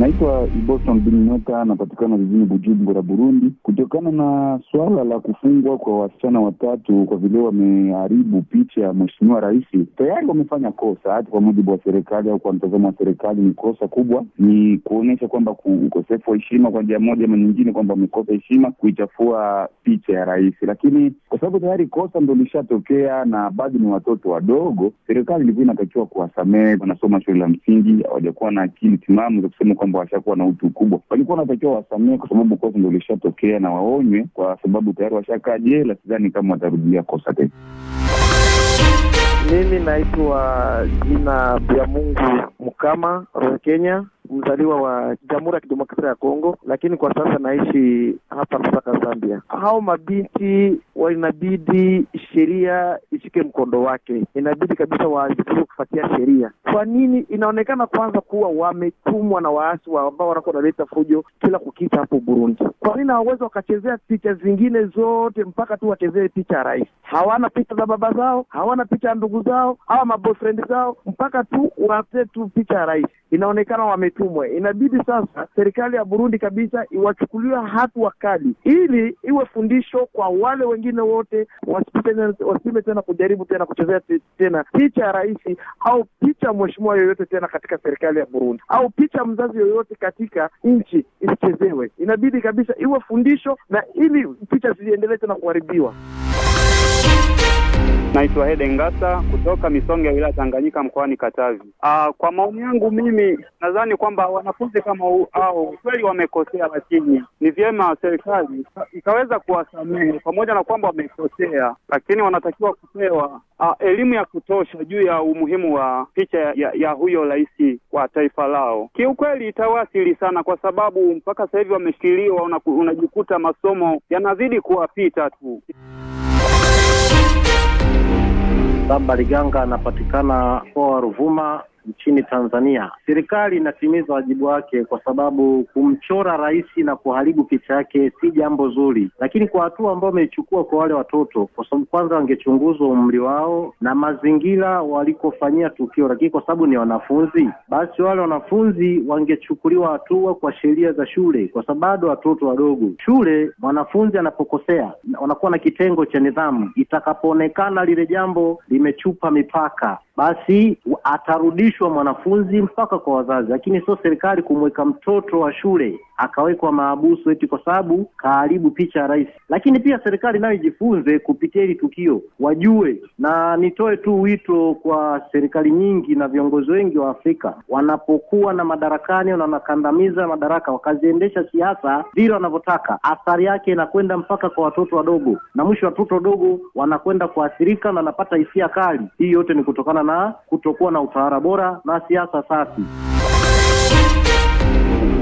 Naitwa Iboston Bininyoka, napatikana
jijini Bujumbura, Burundi. Kutokana na suala la kufungwa kwa wasichana watatu kwa vile wameharibu picha ya mheshimiwa rais, tayari wamefanya kosa, hata kwa mujibu wa serikali au kwa mtazamo wa serikali ni kosa kubwa, ni kuonyesha kwamba ukosefu wa heshima kwa njia moja ama nyingine, kwamba wamekosa heshima kuichafua picha ya rais. Lakini kwa sababu tayari kosa ndo lishatokea na bado ni watoto wadogo, serikali ilikuwa inatakiwa kuwasamehe. Wanasoma shule la msingi, hawajakuwa na akili timamu za kusema kwamba washakuwa na utu kubwa, walikuwa wanatakiwa wasamehe, kwa sababu kosa ndo lishatokea na waonywe, kwa sababu tayari washakaa jela. Sidhani kama watarudia
kosa tena.
Mimi naitwa jina ya Mungu Mkama kenya mzaliwa wa Jamhuri ya Kidemokrasia ya Kongo, lakini kwa sasa naishi hapa Lusaka, Zambia. Hao mabinti wainabidi sheria ishike mkondo wake, inabidi kabisa wajifunze kufuatia sheria. Kwa nini inaonekana kwanza kuwa wametumwa na waasi ambao wanakuwa wanaleta fujo kila kukicha hapo Burundi? Kwa nini hawawezi wakachezea picha zingine zote mpaka tu wachezee picha ya rais? Hawana picha za baba zao, hawana picha ya ndugu zao, hawa maboyfriend zao, mpaka tu wate tu picha ya rais. Inaonekana wame itumwe. Inabidi sasa serikali ya Burundi kabisa iwachukuliwe hatua kali, ili iwe fundisho kwa wale wengine wote, wasipime tena kujaribu tena kuchezea tena picha ya rais au picha ya mheshimiwa yoyote tena katika serikali ya Burundi au picha mzazi yoyote katika nchi isichezewe.
Inabidi kabisa iwe fundisho na ili picha zisiendelee tena kuharibiwa. Naitwa Hede Ngasa kutoka Misonge ya wilaya Tanganyika mkoani Katavi. Aa, ah, kwa maoni yangu mimi nadhani kwamba wanafunzi kama hao kweli wamekosea, lakini ni vyema serikali ikaweza kuwasamehe pamoja na kwamba wamekosea, lakini wanatakiwa kupewa ah, elimu ya kutosha juu ya umuhimu wa picha ya, ya huyo rais wa taifa lao. Kiukweli itawasili sana, kwa sababu mpaka sasa hivi wameshikiliwa, unajikuta masomo yanazidi kuwapita tu.
Samba Liganga anapatikana mkoa wa Ruvuma nchini Tanzania. Serikali inatimiza wajibu wake, kwa sababu kumchora rais na kuharibu picha yake si jambo zuri, lakini kwa hatua ambayo wameichukua kwa wale watoto, kwa sababu kwanza wangechunguzwa umri wao na mazingira walikofanyia tukio, lakini kwa sababu ni wanafunzi, basi wale wanafunzi wangechukuliwa hatua kwa sheria za shule, kwa sababu bado watoto wadogo. Shule mwanafunzi anapokosea, wanakuwa na kitengo cha nidhamu. Itakapoonekana lile jambo limechupa mipaka, basi atarudishwa kuandikishwa mwanafunzi mpaka kwa wazazi, lakini sio serikali kumweka mtoto wa shule akawekwa maabusu eti kwa sababu kaharibu picha ya rais. Lakini pia serikali nayo ijifunze kupitia hili tukio, wajue. Na nitoe tu wito kwa serikali nyingi na viongozi wengi wa Afrika wanapokuwa na madarakani na wanakandamiza madaraka, wakaziendesha siasa vile wanavyotaka, athari yake inakwenda mpaka kwa watoto wadogo, na mwisho watoto wadogo wanakwenda kuathirika na wanapata hisia kali. Hii yote ni kutokana na kutokuwa na utawala bora na siasa safi.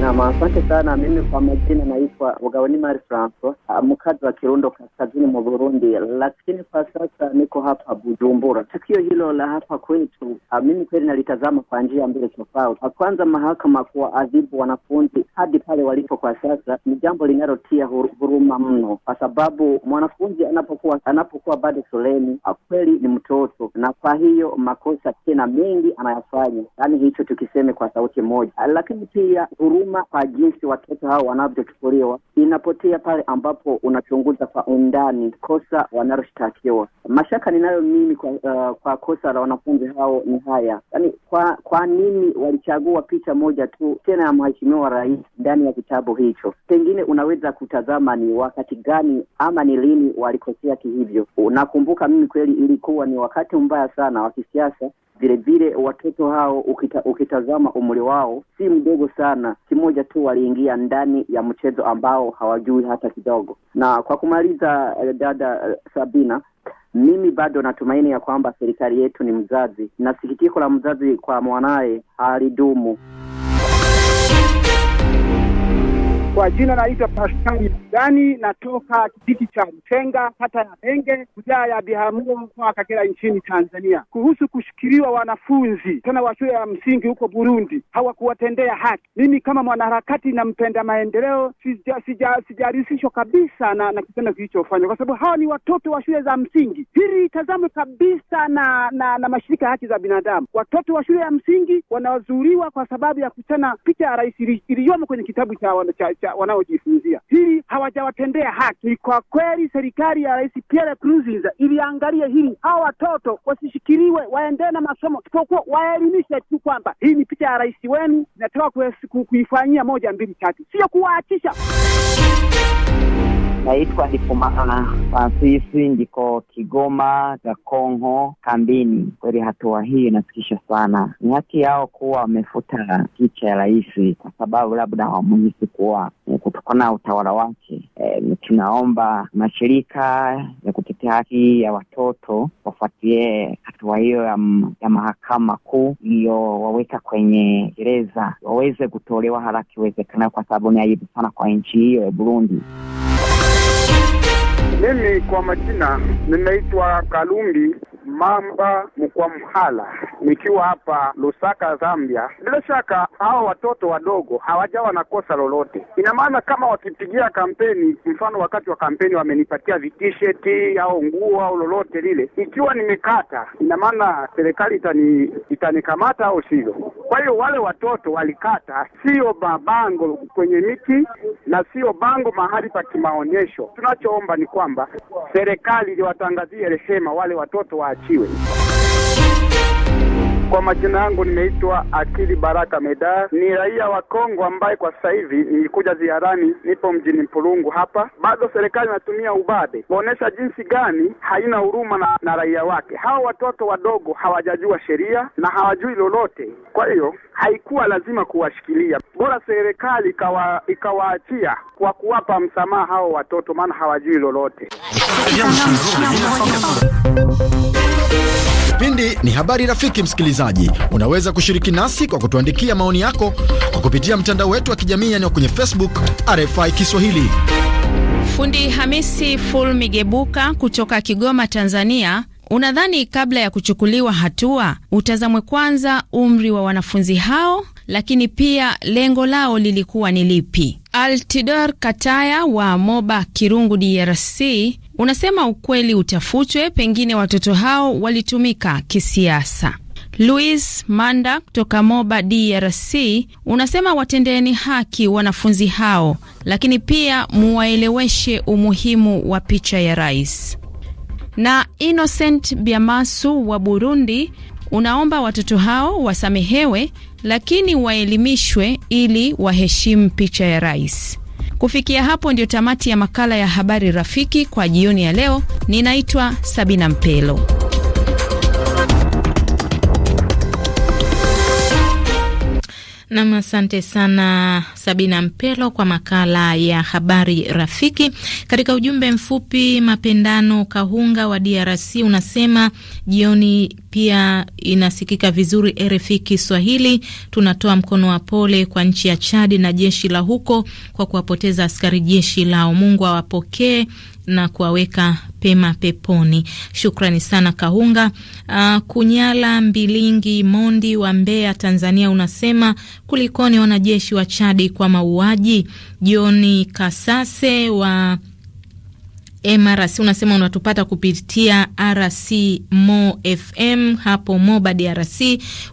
Naam, asante sana. Mimi kwa majina
naitwa ugawani Mari Franco, ah, mkazi wa Kirundo kaskazini mwa Burundi, lakini kwa sasa niko hapa Bujumbura. Tukio hilo la hapa kwetu ah, mimi kweli nalitazama kwa njia mbili tofauti. Kwanza, mahakama adhibu wanafunzi hadi pale walipo kwa sasa ni jambo linalotia huruma mno, kwa sababu mwanafunzi anapokuwa anapokuwa bado shuleni ah, kweli ni mtoto, na kwa hiyo makosa tena mengi anayafanya, yaani hicho tukiseme kwa sauti moja, lakini pia huruma heshima kwa jinsi watoto hao wanavyochukuliwa inapotea pale ambapo unachunguza kwa undani kosa wanaloshtakiwa. Mashaka ninayo mimi kwa, uh, kwa kosa la wanafunzi hao ni haya, yaani kwa kwa nini walichagua picha moja tu tena ya mheshimiwa rais ndani ya kitabu hicho? Pengine unaweza kutazama ni wakati gani ama ni lini walikosea kihivyo. Nakumbuka mimi kweli ilikuwa ni wakati mbaya sana wa kisiasa Vilevile watoto hao ukita, ukitazama umri wao si mdogo sana, kimoja tu waliingia ndani ya mchezo ambao hawajui hata kidogo. Na kwa kumaliza, eh, dada eh, Sabina, mimi bado natumaini ya kwamba serikali yetu ni mzazi, na sikitiko la mzazi kwa mwanaye halidumu.
Kwa jina naitwa Paskali Mdani, natoka kijiji cha Mtenga, kata ya benge wilaya ya Biharamulo, mkoa wa Kagera, nchini Tanzania, kuhusu kushikiliwa wanafunzi tena wa shule ya msingi huko Burundi, hawakuwatendea haki. Mimi kama mwanaharakati na mpenda maendeleo sijarihusishwa sija, sija kabisa na, na kitendo kilichofanywa, kwa sababu hawa ni watoto wa shule za msingi. Hili itazamwe kabisa na, na, na mashirika ya haki za binadamu. Watoto wa shule ya msingi wanazuiliwa kwa sababu ya kuchana picha ya rais iliyomo kwenye kitabu cha, cha, cha wanaojifunzia. Hili hawajawatendea haki. Ni kwa kweli serikali ya Rais Pierre Nkurunziza iliangalia hili, hawa watoto wasishikiliwe, waendee na masomo, isipokuwa waelimishe tu kwamba hii ni picha ya rais wenu, inatoka kuifanyia moja mbili tatu, sio kuwaachisha
Naitwa Ndikumana Francis, ndiko Kigoma Gakongo kambini. Kweli hatua hii inasikisha sana. Ni haki yao kuwa wamefuta picha ya rais, kwa sababu labda hawamuhisi kuwa eh, kutokana na utawala wake. E, tunaomba mashirika ya kutetea haki ya watoto wafuatilie hatua hiyo ya, ya mahakama kuu iliyowaweka kwenye gereza, waweze kutolewa haraka iwezekanayo, kwa sababu ni aibu sana kwa nchi
hiyo ya Burundi. Mimi kwa majina ninaitwa Kalumbi Mamba Mkwamhala nikiwa hapa Lusaka, Zambia. Bila shaka hawa watoto wadogo hawajawa na kosa lolote. Ina maana kama wakipigia kampeni, mfano wakati wa kampeni wamenipatia vitisheti au nguo au lolote lile, ikiwa nimekata, ina maana serikali itani, itanikamata au sivyo? Kwa hiyo wale watoto walikata, sio mabango kwenye miti na sio bango mahali pa kimaonyesho. Tunachoomba ni kwamba serikali iliwatangazie rehema wale watoto wa haikiwi. Kwa majina yangu nimeitwa Akili Baraka Meda, ni raia wa Kongo ambaye kwa sasa hivi nilikuja ziarani, nipo mjini Mpulungu hapa. Bado serikali inatumia ubabe kuonesha jinsi gani haina huruma na, na raia wake. Hawa watoto wadogo hawajajua sheria na hawajui lolote, kwa hiyo haikuwa lazima kuwashikilia, bora serikali ikawa, ikawaachia kwa kuwapa msamaha hao watoto, maana hawajui lolote
Kipindi ni habari rafiki. Msikilizaji, unaweza kushiriki nasi kwa kutuandikia maoni yako kwa kupitia mtandao wetu wa kijamii yaani kwenye Facebook RFI Kiswahili.
Fundi Hamisi Ful Migebuka kutoka Kigoma, Tanzania, unadhani kabla ya kuchukuliwa hatua utazamwe kwanza umri wa wanafunzi hao, lakini pia lengo lao lilikuwa ni lipi? Altidor Kataya wa Moba Kirungu, DRC, unasema ukweli utafutwe, pengine watoto hao walitumika kisiasa. Louis Manda kutoka Moba, DRC, unasema watendeeni haki wanafunzi hao, lakini pia muwaeleweshe umuhimu wa picha ya rais. Na Innocent Biamasu wa Burundi unaomba watoto hao wasamehewe, lakini waelimishwe ili waheshimu picha ya rais. Kufikia hapo ndio tamati ya makala ya habari rafiki kwa jioni ya leo. Ninaitwa Sabina Mpelo.
Nam, asante sana Sabina Mpelo kwa makala ya habari rafiki. Katika ujumbe mfupi, Mapendano Kahunga wa DRC unasema jioni pia inasikika vizuri RFI Kiswahili. Tunatoa mkono wa pole kwa nchi ya Chadi na jeshi la huko kwa kuwapoteza askari jeshi lao. Mungu awapokee na kuwaweka pema peponi. Shukrani sana Kahunga. Uh, Kunyala Mbilingi Mondi wa Mbeya, Tanzania, unasema kulikoni wanajeshi wa Chadi kwa mauaji. Joni Kasase wa MRC unasema unatupata kupitia RC Mo FM hapo Moba DRC,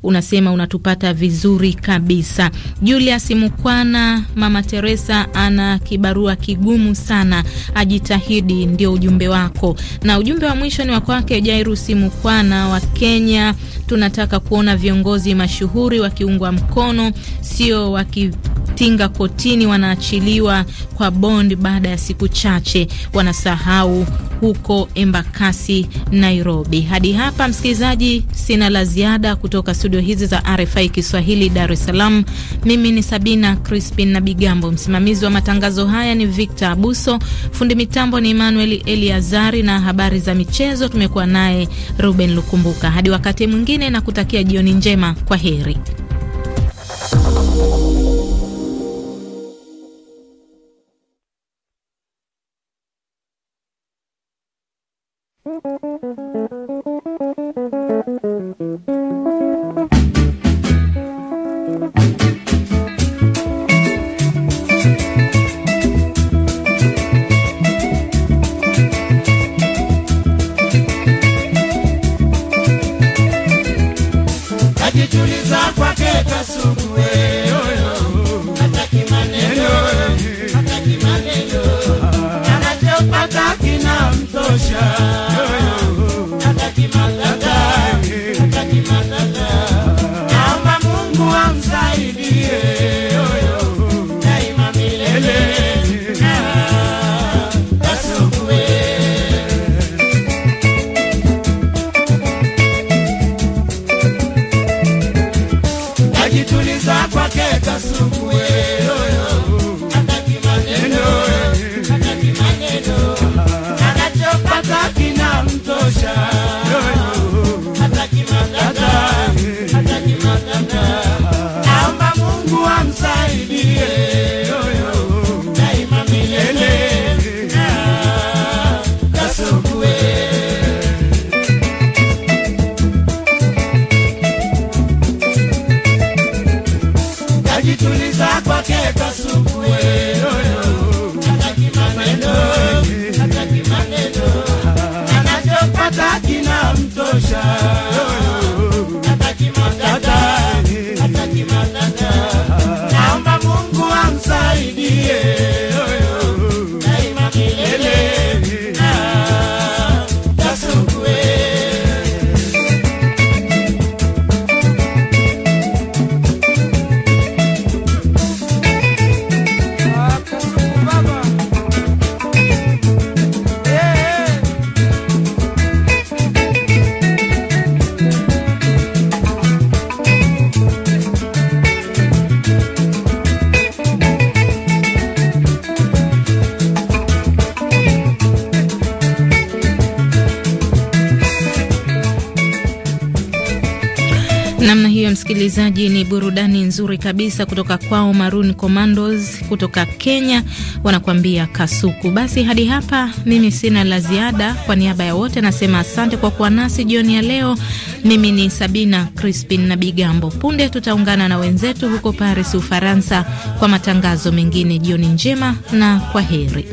unasema unatupata vizuri kabisa. Julius Mukwana, Mama Teresa ana kibarua kigumu sana, ajitahidi, ndio ujumbe wako. Na ujumbe wa mwisho ni wa kwake Jairus Mukwana wa Kenya, tunataka kuona viongozi mashuhuri wakiungwa mkono, sio waki tinga kotini wanaachiliwa kwa bond baada ya siku chache, wanasahau huko Embakasi, Nairobi. Hadi hapa msikilizaji, sina la ziada kutoka studio hizi za RFI Kiswahili, Dar es Salaam. Mimi ni Sabina Crispin na Bigambo, msimamizi wa matangazo haya ni Victor Abuso, fundi mitambo ni Emmanuel Eliazari, na habari za michezo tumekuwa naye Ruben Lukumbuka. Hadi wakati mwingine, na kutakia jioni njema, kwa heri. nzuri kabisa kutoka kwao Maroon Commandos kutoka Kenya, wanakuambia Kasuku. Basi hadi hapa mimi sina la ziada. Kwa niaba ya wote nasema asante kwa kuwa nasi jioni ya leo. Mimi ni Sabina Crispin na Bigambo. Punde tutaungana na wenzetu huko Paris, Ufaransa, kwa matangazo mengine. Jioni njema na kwa heri.